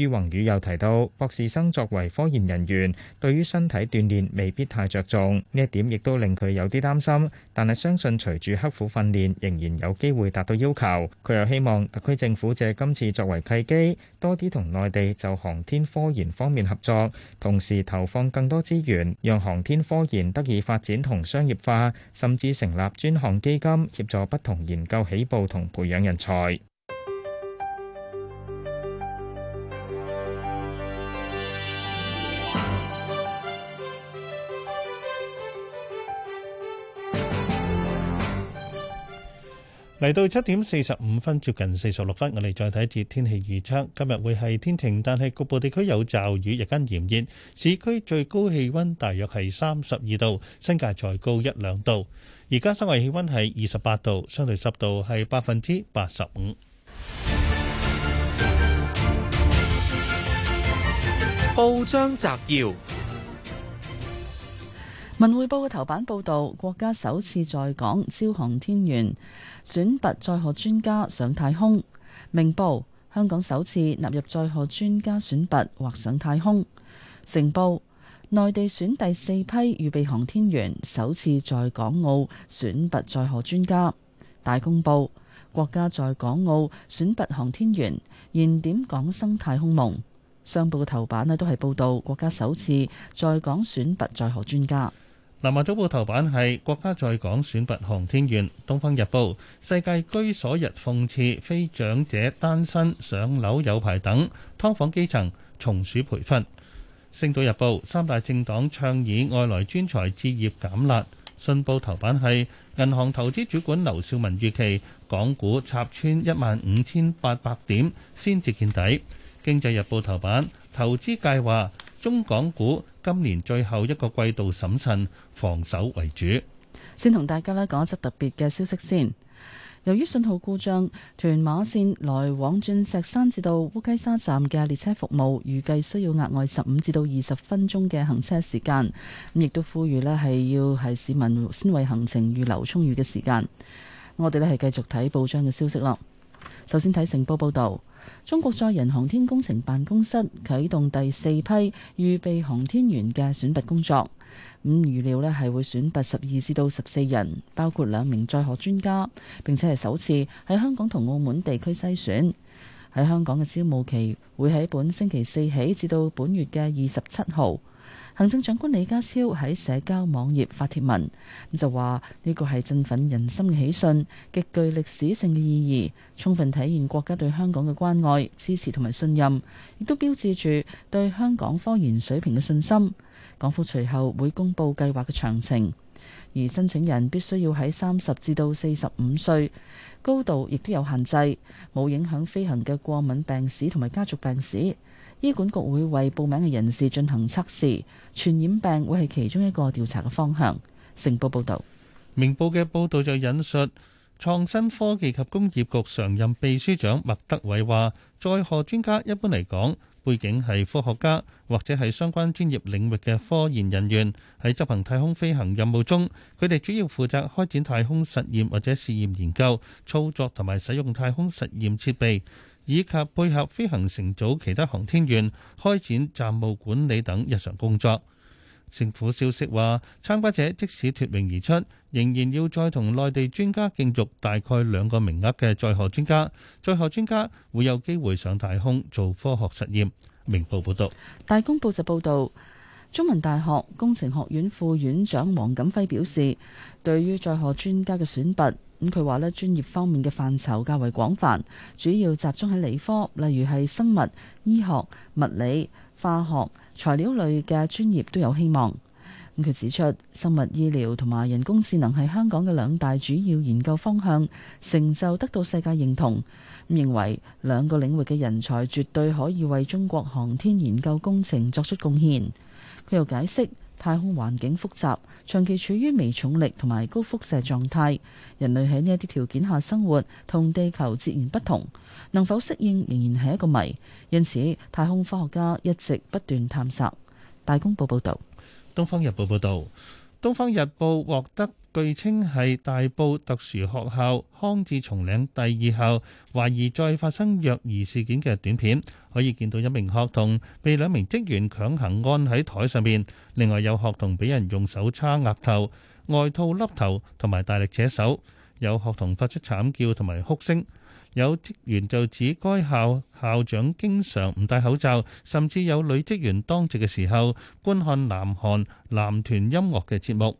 Speaker 14: 于宏宇又提到，博士生作為科研人員對於身體鍛煉未必太着重，呢一點亦都令佢有啲擔心。但係相信隨住刻苦訓練仍然有機會達到要求。佢又希望特區政府借今次作為契機多啲同內地就航天科研方面合作，同時投放更多資源，讓航天科研得以發展同商業化，甚至成立專項基金協助不同研究起步同培養人才。
Speaker 3: 嚟到七點四十五分，接近四十六分，我哋再睇一次天氣預測。今日會係天晴，但係局部地區有驟雨，日間炎熱。市區最高氣温大約係三十二度，新界再高一兩度。而家室外氣温係二十八度，相對濕度係百分之八十五。
Speaker 15: 報
Speaker 9: 章摘要。
Speaker 2: 文匯報嘅頭版報道，國家首次在港招航天員，選拔載荷專家上太空。明報：香港首次納入載荷專家選拔或上太空。成報：內地選第四批預備航天員，首次在港澳選拔載荷專家。大公報：國家在港澳選拔航天員，燃點港生太空夢。商報嘅頭版呢都係報道國家首次在港選拔載荷專家。
Speaker 3: 南華早報頭版係國家在港選拔航天員。《東方日報》世界居所日諷刺非長者單身上樓有排等。《劏房基層》松鼠培訓。《星島日報》三大政黨倡議外來專才置業減辣。信報頭版係銀行投資主管劉少文預期港股插穿一萬五千八百點先至見底。《經濟日報》頭版投資界話。中港股今年最後一個季度審慎防守為主。
Speaker 2: 先同大家呢講一則特別嘅消息先。由於信號故障，屯馬綫來往鑽石山至到烏溪沙站嘅列車服務，預計需要額外十五至到二十分鐘嘅行車時間。咁亦都呼籲呢係要係市民先為行程預留充裕嘅時間。我哋呢係繼續睇報章嘅消息咯。首先睇《成報》報道。中國載人航天工程辦公室啟動第四批預備航天員嘅選拔工作，咁、嗯、預料咧係會選拔十二至到十四人，包括兩名載荷專家，並且係首次喺香港同澳門地區篩選。喺香港嘅招募期會喺本星期四起至到本月嘅二十七號。行政長官李家超喺社交網頁發帖文，咁就話呢個係振奮人心嘅喜訊，極具歷史性嘅意義，充分體現國家對香港嘅關愛、支持同埋信任，亦都標誌住對香港科研水平嘅信心。港府隨後會公佈計劃嘅詳情，而申請人必須要喺三十至到四十五歲，高度亦都有限制，冇影響飛行嘅過敏病史同埋家族病史。醫管局會為報名嘅人士進行測試，傳染病會係其中一個調查嘅方向。成報報道，
Speaker 3: 明報嘅報道就引述創新科技及工業局常任秘書長麥德偉話，載荷專家一般嚟講，背景係科學家或者係相關專業領域嘅科研人員。喺執行太空飛行任務中，佢哋主要負責開展太空實驗或者試驗研究、操作同埋使用太空實驗設備，以及配合飛行乘組其他航天員開展站務管理等日常工作。政府消息話，參加者即使脫穎而出，仍然要再同內地專家競逐大概兩個名額嘅載荷專家。載荷專家會有機會上太空做科學實驗。明報報道，
Speaker 2: 大公報就報道，中文大學工程學院副院長黃錦輝表示，對於載荷專家嘅選拔。咁佢話咧，專業方面嘅範疇較為廣泛，主要集中喺理科，例如係生物、醫學、物理、化學、材料類嘅專業都有希望。咁佢指出，生物醫療同埋人工智能係香港嘅兩大主要研究方向，成就得到世界認同。咁認為兩個領域嘅人才絕對可以為中國航天研究工程作出貢獻。佢又解釋。太空環境複雜，長期處於微重力同埋高輻射狀態，人類喺呢一啲條件下生活，同地球截然不同，能否適應仍然係一個謎。因此，太空科學家一直不斷探索。大公報報導，
Speaker 3: 東方日報報道《東方日報》報導，《東方日報》獲得。據稱係大埔特殊學校匡智松嶺第二校，懷疑再發生虐兒事件嘅短片，可以見到一名學童被兩名職員強行按喺台上面，另外有學童俾人用手叉額頭、外套笠頭同埋大力扯手，有學童發出慘叫同埋哭聲。有職員就指該校校長經常唔戴口罩，甚至有女職員當值嘅時候觀看南韓男團音樂嘅節目。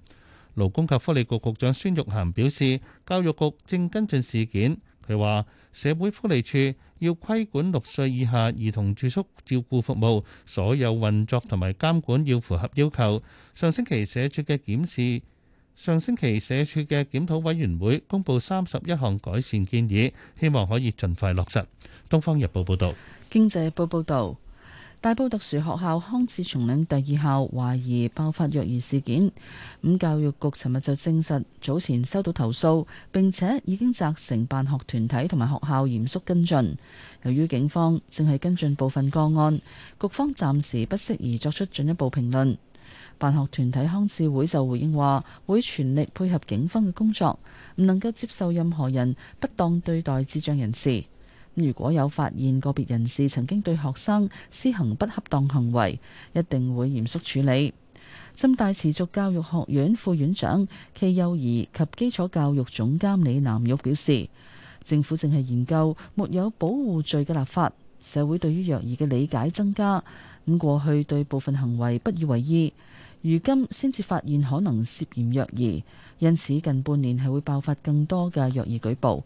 Speaker 3: 勞工及福利局局長孫玉菡表示，教育局正跟進事件。佢話，社會福利處要規管六歲以下兒童住宿照顧服務，所有運作同埋監管要符合要求。上星期社署嘅檢視，上星期社署嘅檢討委員會公布三十一項改善建議，希望可以盡快落實。東方日報報道，
Speaker 2: 經濟報報道。大埔特殊學校康智松嶺第二校懷疑爆發虐兒事件，咁教育局尋日就證實早前收到投訴，並且已經責成辦學團體同埋學校嚴肅跟進。由於警方正係跟進部分個案，局方暫時不適宜作出進一步評論。辦學團體康智會就回應話，會全力配合警方嘅工作，唔能夠接受任何人不當對待智障人士。如果有發現個別人士曾經對學生施行不恰當行為，一定會嚴肅處理。浸大持續教育學院副院長暨幼兒及基礎教育總監李南玉表示，政府正係研究沒有保護罪嘅立法。社會對於虐兒嘅理解增加，咁過去對部分行為不以為意，如今先至發現可能涉嫌虐兒，因此近半年係會爆發更多嘅虐兒舉報。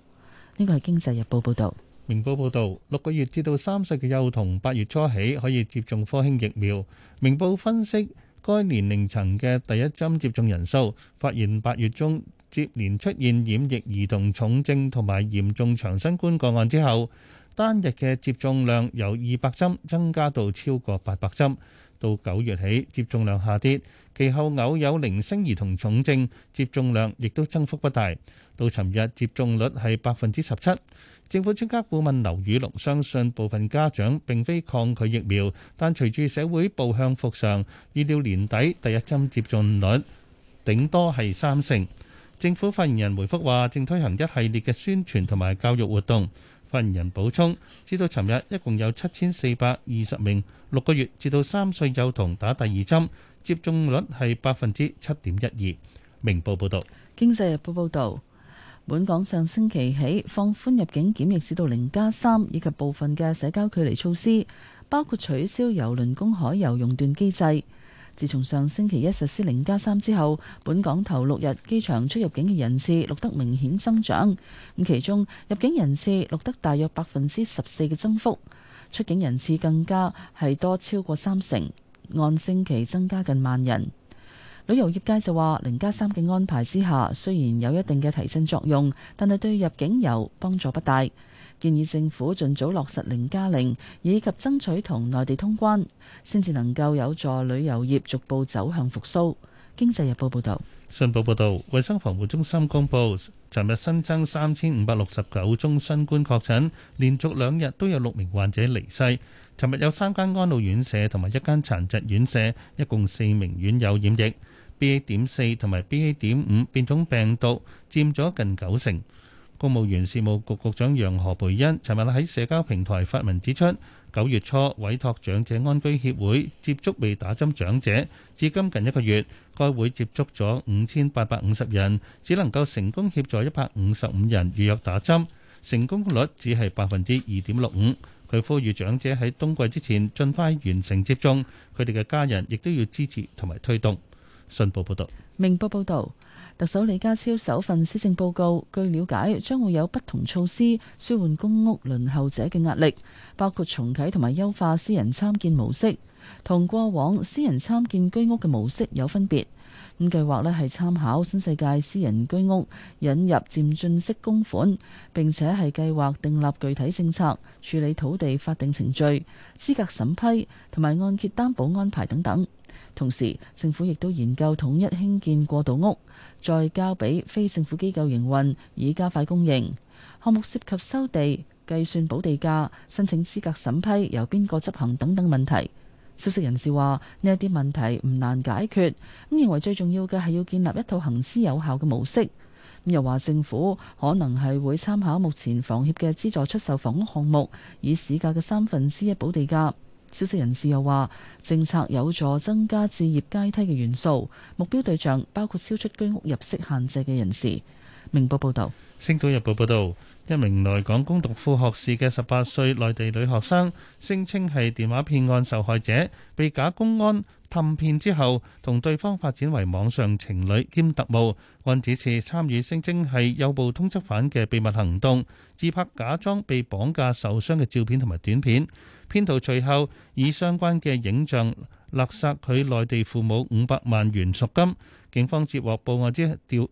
Speaker 2: 呢個係《經濟日報》報道。
Speaker 3: 明報報導，六個月至到三歲嘅幼童，八月初起可以接種科興疫苗。明報分析，該年齡層嘅第一針接種人數，發現八月中接連出現染疫兒童重症同埋嚴重長新冠個案之後，單日嘅接種量由二百針增加到超過八百針。到九月起，接種量下跌，其後偶有零星兒童重症，接種量亦都增幅不大。到尋日，接種率係百分之十七。政府專家顧問劉宇龍相信，部分家長並非抗拒疫苗，但隨住社會步向復常，預料年底第一針接種率頂多係三成。政府發言人回覆話，正推行一系列嘅宣傳同埋教育活動。份人補充，至到尋日，一共有七千四百二十名六個月至到三歲幼童打第二針，接種率係百分之七點一二。明報報道。
Speaker 2: 《經濟日報》報道，本港上星期起放寬入境檢疫指數零加三，3，以及部分嘅社交距離措施，包括取消郵輪公海遊熔斷機制。自從上星期一實施零加三之後，本港頭六日機場出入境嘅人次錄得明顯增長。咁其中入境人次錄得大約百分之十四嘅增幅，出境人次更加係多超過三成，按星期增加近萬人。旅遊業界就話，零加三嘅安排之下，雖然有一定嘅提振作用，但係對入境遊幫助不大。建議政府盡早落實零加零，以及爭取同內地通關，先至能夠有助旅遊業逐步走向復甦。經濟日報報導，
Speaker 3: 信報報導，衞生防護中心公布，尋日新增三千五百六十九宗新冠確診，連續兩日都有六名患者離世。尋日有三間安老院舍同埋一間殘疾院舍，一共四名院友染疫。BA 點四同埋 BA 點五變種病毒佔咗近九成。公務員事務局局長楊何蓓茵尋日喺社交平台發文指出，九月初委託長者安居協會接觸未打針長者，至今近一個月，該會接觸咗五千八百五十人，只能夠成功協助一百五十五人預約打針，成功率只係百分之二點六五。佢呼籲長者喺冬季之前盡快完成接種，佢哋嘅家人亦都要支持同埋推動。信報報道，
Speaker 2: 明報報道。特首李家超首份施政報告，據了解將會有不同措施舒緩公屋輪候者嘅壓力，包括重啟同埋優化私人參建模式，同過往私人參建居屋嘅模式有分別。咁、嗯、計劃呢係參考新世界私人居屋，引入漸進式公款，並且係計劃訂立具體政策，處理土地法定程序、資格審批同埋按揭擔保安排等等。同時，政府亦都研究統一興建過渡屋。再交俾非政府機構營運，以加快供應。項目涉及收地、計算補地價、申請資格審批、由邊個執行等等問題。消息人士話呢一啲問題唔難解決，咁認為最重要嘅係要建立一套行之有效嘅模式。咁又話政府可能係會參考目前房協嘅資助出售房屋項目，以市價嘅三分之一補地價。消息人士又話，政策有助增加置業階梯嘅元素，目標對象包括超出居屋入息限制嘅人士。明報報導。
Speaker 3: 《星島日報》報道，一名來港攻讀副學士嘅十八歲內地女學生，聲稱係電話騙案受害者，被假公安氹騙之後，同對方發展為網上情侶兼特務，按指示參與聲稱係誘捕通緝犯嘅秘密行動，自拍假裝被綁架受傷嘅照片同埋短片。編導隨後以相關嘅影像勒索佢內地父母五百萬元贖金。警方接獲報案之調，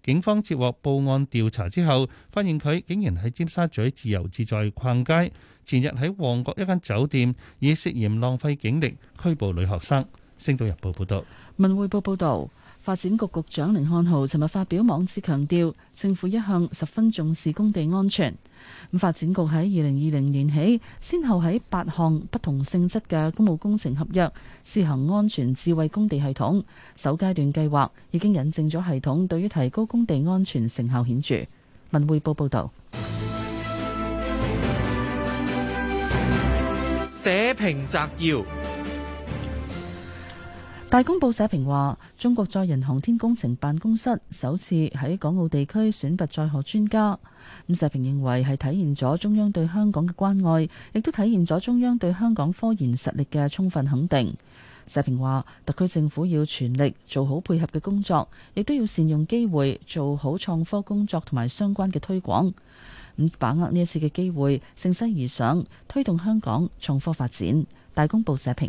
Speaker 3: 警方接獲報案調查之後，發現佢竟然喺尖沙咀自由自在逛街。前日喺旺角一間酒店，以涉嫌浪費警力拘捕女學生。星島日報報道。
Speaker 2: 文匯報報道：發展局局長甯漢豪尋日發表網誌強調，政府一向十分重視工地安全。咁發展局喺二零二零年起，先後喺八項不同性質嘅公務工程合約施行安全智慧工地系統，首階段計劃已經引證咗系統對於提高工地安全成效顯著。文匯報報道。
Speaker 9: 社評摘要。
Speaker 2: 大公報社評話，中國載人航天工程辦公室首次喺港澳地區選拔載荷專家。咁社評認為係體現咗中央對香港嘅關愛，亦都體現咗中央對香港科研實力嘅充分肯定。社評話特區政府要全力做好配合嘅工作，亦都要善用機會做好創科工作同埋相關嘅推廣，咁把握呢一次嘅機會，乘勢而上，推動香港創科發展。大公報社評。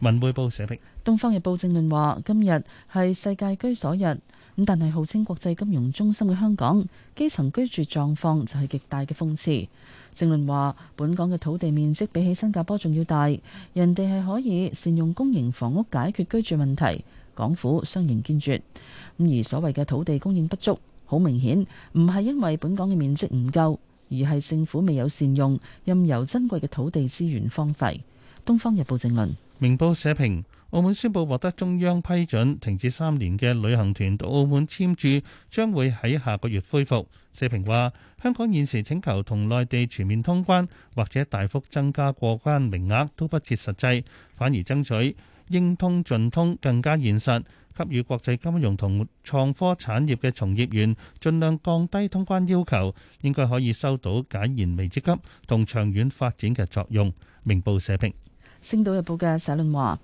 Speaker 3: 文匯報社評，
Speaker 2: 《東方日報》正論話：今日係世界居所日，咁但係號稱國際金融中心嘅香港，基層居住狀況就係極大嘅諷刺。正論話，本港嘅土地面積比起新加坡仲要大，人哋係可以善用公營房屋解決居住問題，港府相形見絀。咁而所謂嘅土地供應不足，好明顯唔係因為本港嘅面積唔夠，而係政府未有善用，任由珍貴嘅土地資源荒廢。《東方日報》正論。
Speaker 3: 明報社評：澳門宣布獲得中央批准，停止三年嘅旅行團到澳門簽注將會喺下個月恢復。社評話，香港現時請求同內地全面通關或者大幅增加過關名額都不切實際，反而爭取應通盡通更加現實，給予國際金融同創科產業嘅從業員盡量降低通關要求，應該可以收到解燃眉之急同長遠發展嘅作用。明報社評。
Speaker 2: 星島日報嘅社論話，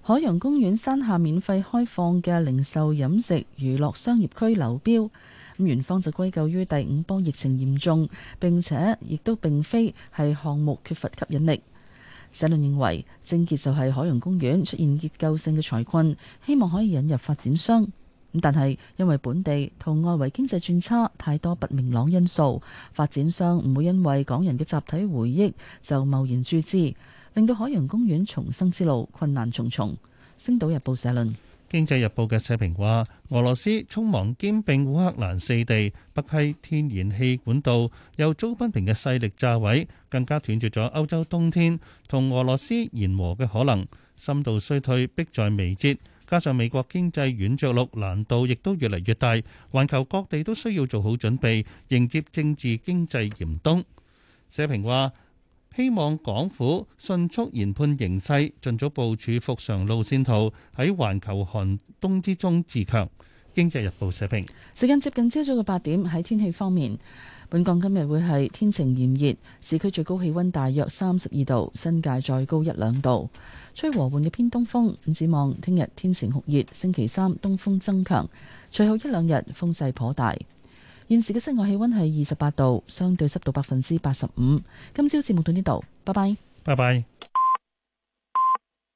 Speaker 2: 海洋公園山下免費開放嘅零售、飲食、娛樂、商業區流標咁園方就歸咎於第五波疫情嚴重，並且亦都並非係項目缺乏吸引力。社論認為症結就係海洋公園出現結構性嘅財困，希望可以引入發展商，但係因為本地同外圍經濟轉差太多不明朗因素，發展商唔會因為港人嘅集體回憶就貿然注資。令到海洋公園重生之路困難重重。星島日報社論。《經濟
Speaker 3: 日報》嘅社評話，俄羅斯匆忙兼並烏克蘭四地，北溪天然氣管道由租賓平嘅勢力炸毀，更加斷絕咗歐洲冬天同俄羅斯言和嘅可能。深度衰退迫在眉睫，加上美國經濟軟著陸難度亦都越嚟越大，環球各地都需要做好準備迎接政治經濟嚴冬。社評話。希望港府迅速研判形勢，盡早部署復常路線圖，喺環球寒冬之中自強。經濟日報社評。
Speaker 2: 時間接近朝早嘅八點。喺天氣方面，本港今日會係天晴炎熱，市區最高氣溫大約三十二度，新界再高一兩度，吹和緩嘅偏東風，咁指望聽日天晴酷熱，星期三東風增強，隨後一兩日風勢頗大。現時嘅室外氣溫係二十八度，相對濕度百分之八十五。今朝節目到呢度，拜拜，
Speaker 3: 拜拜。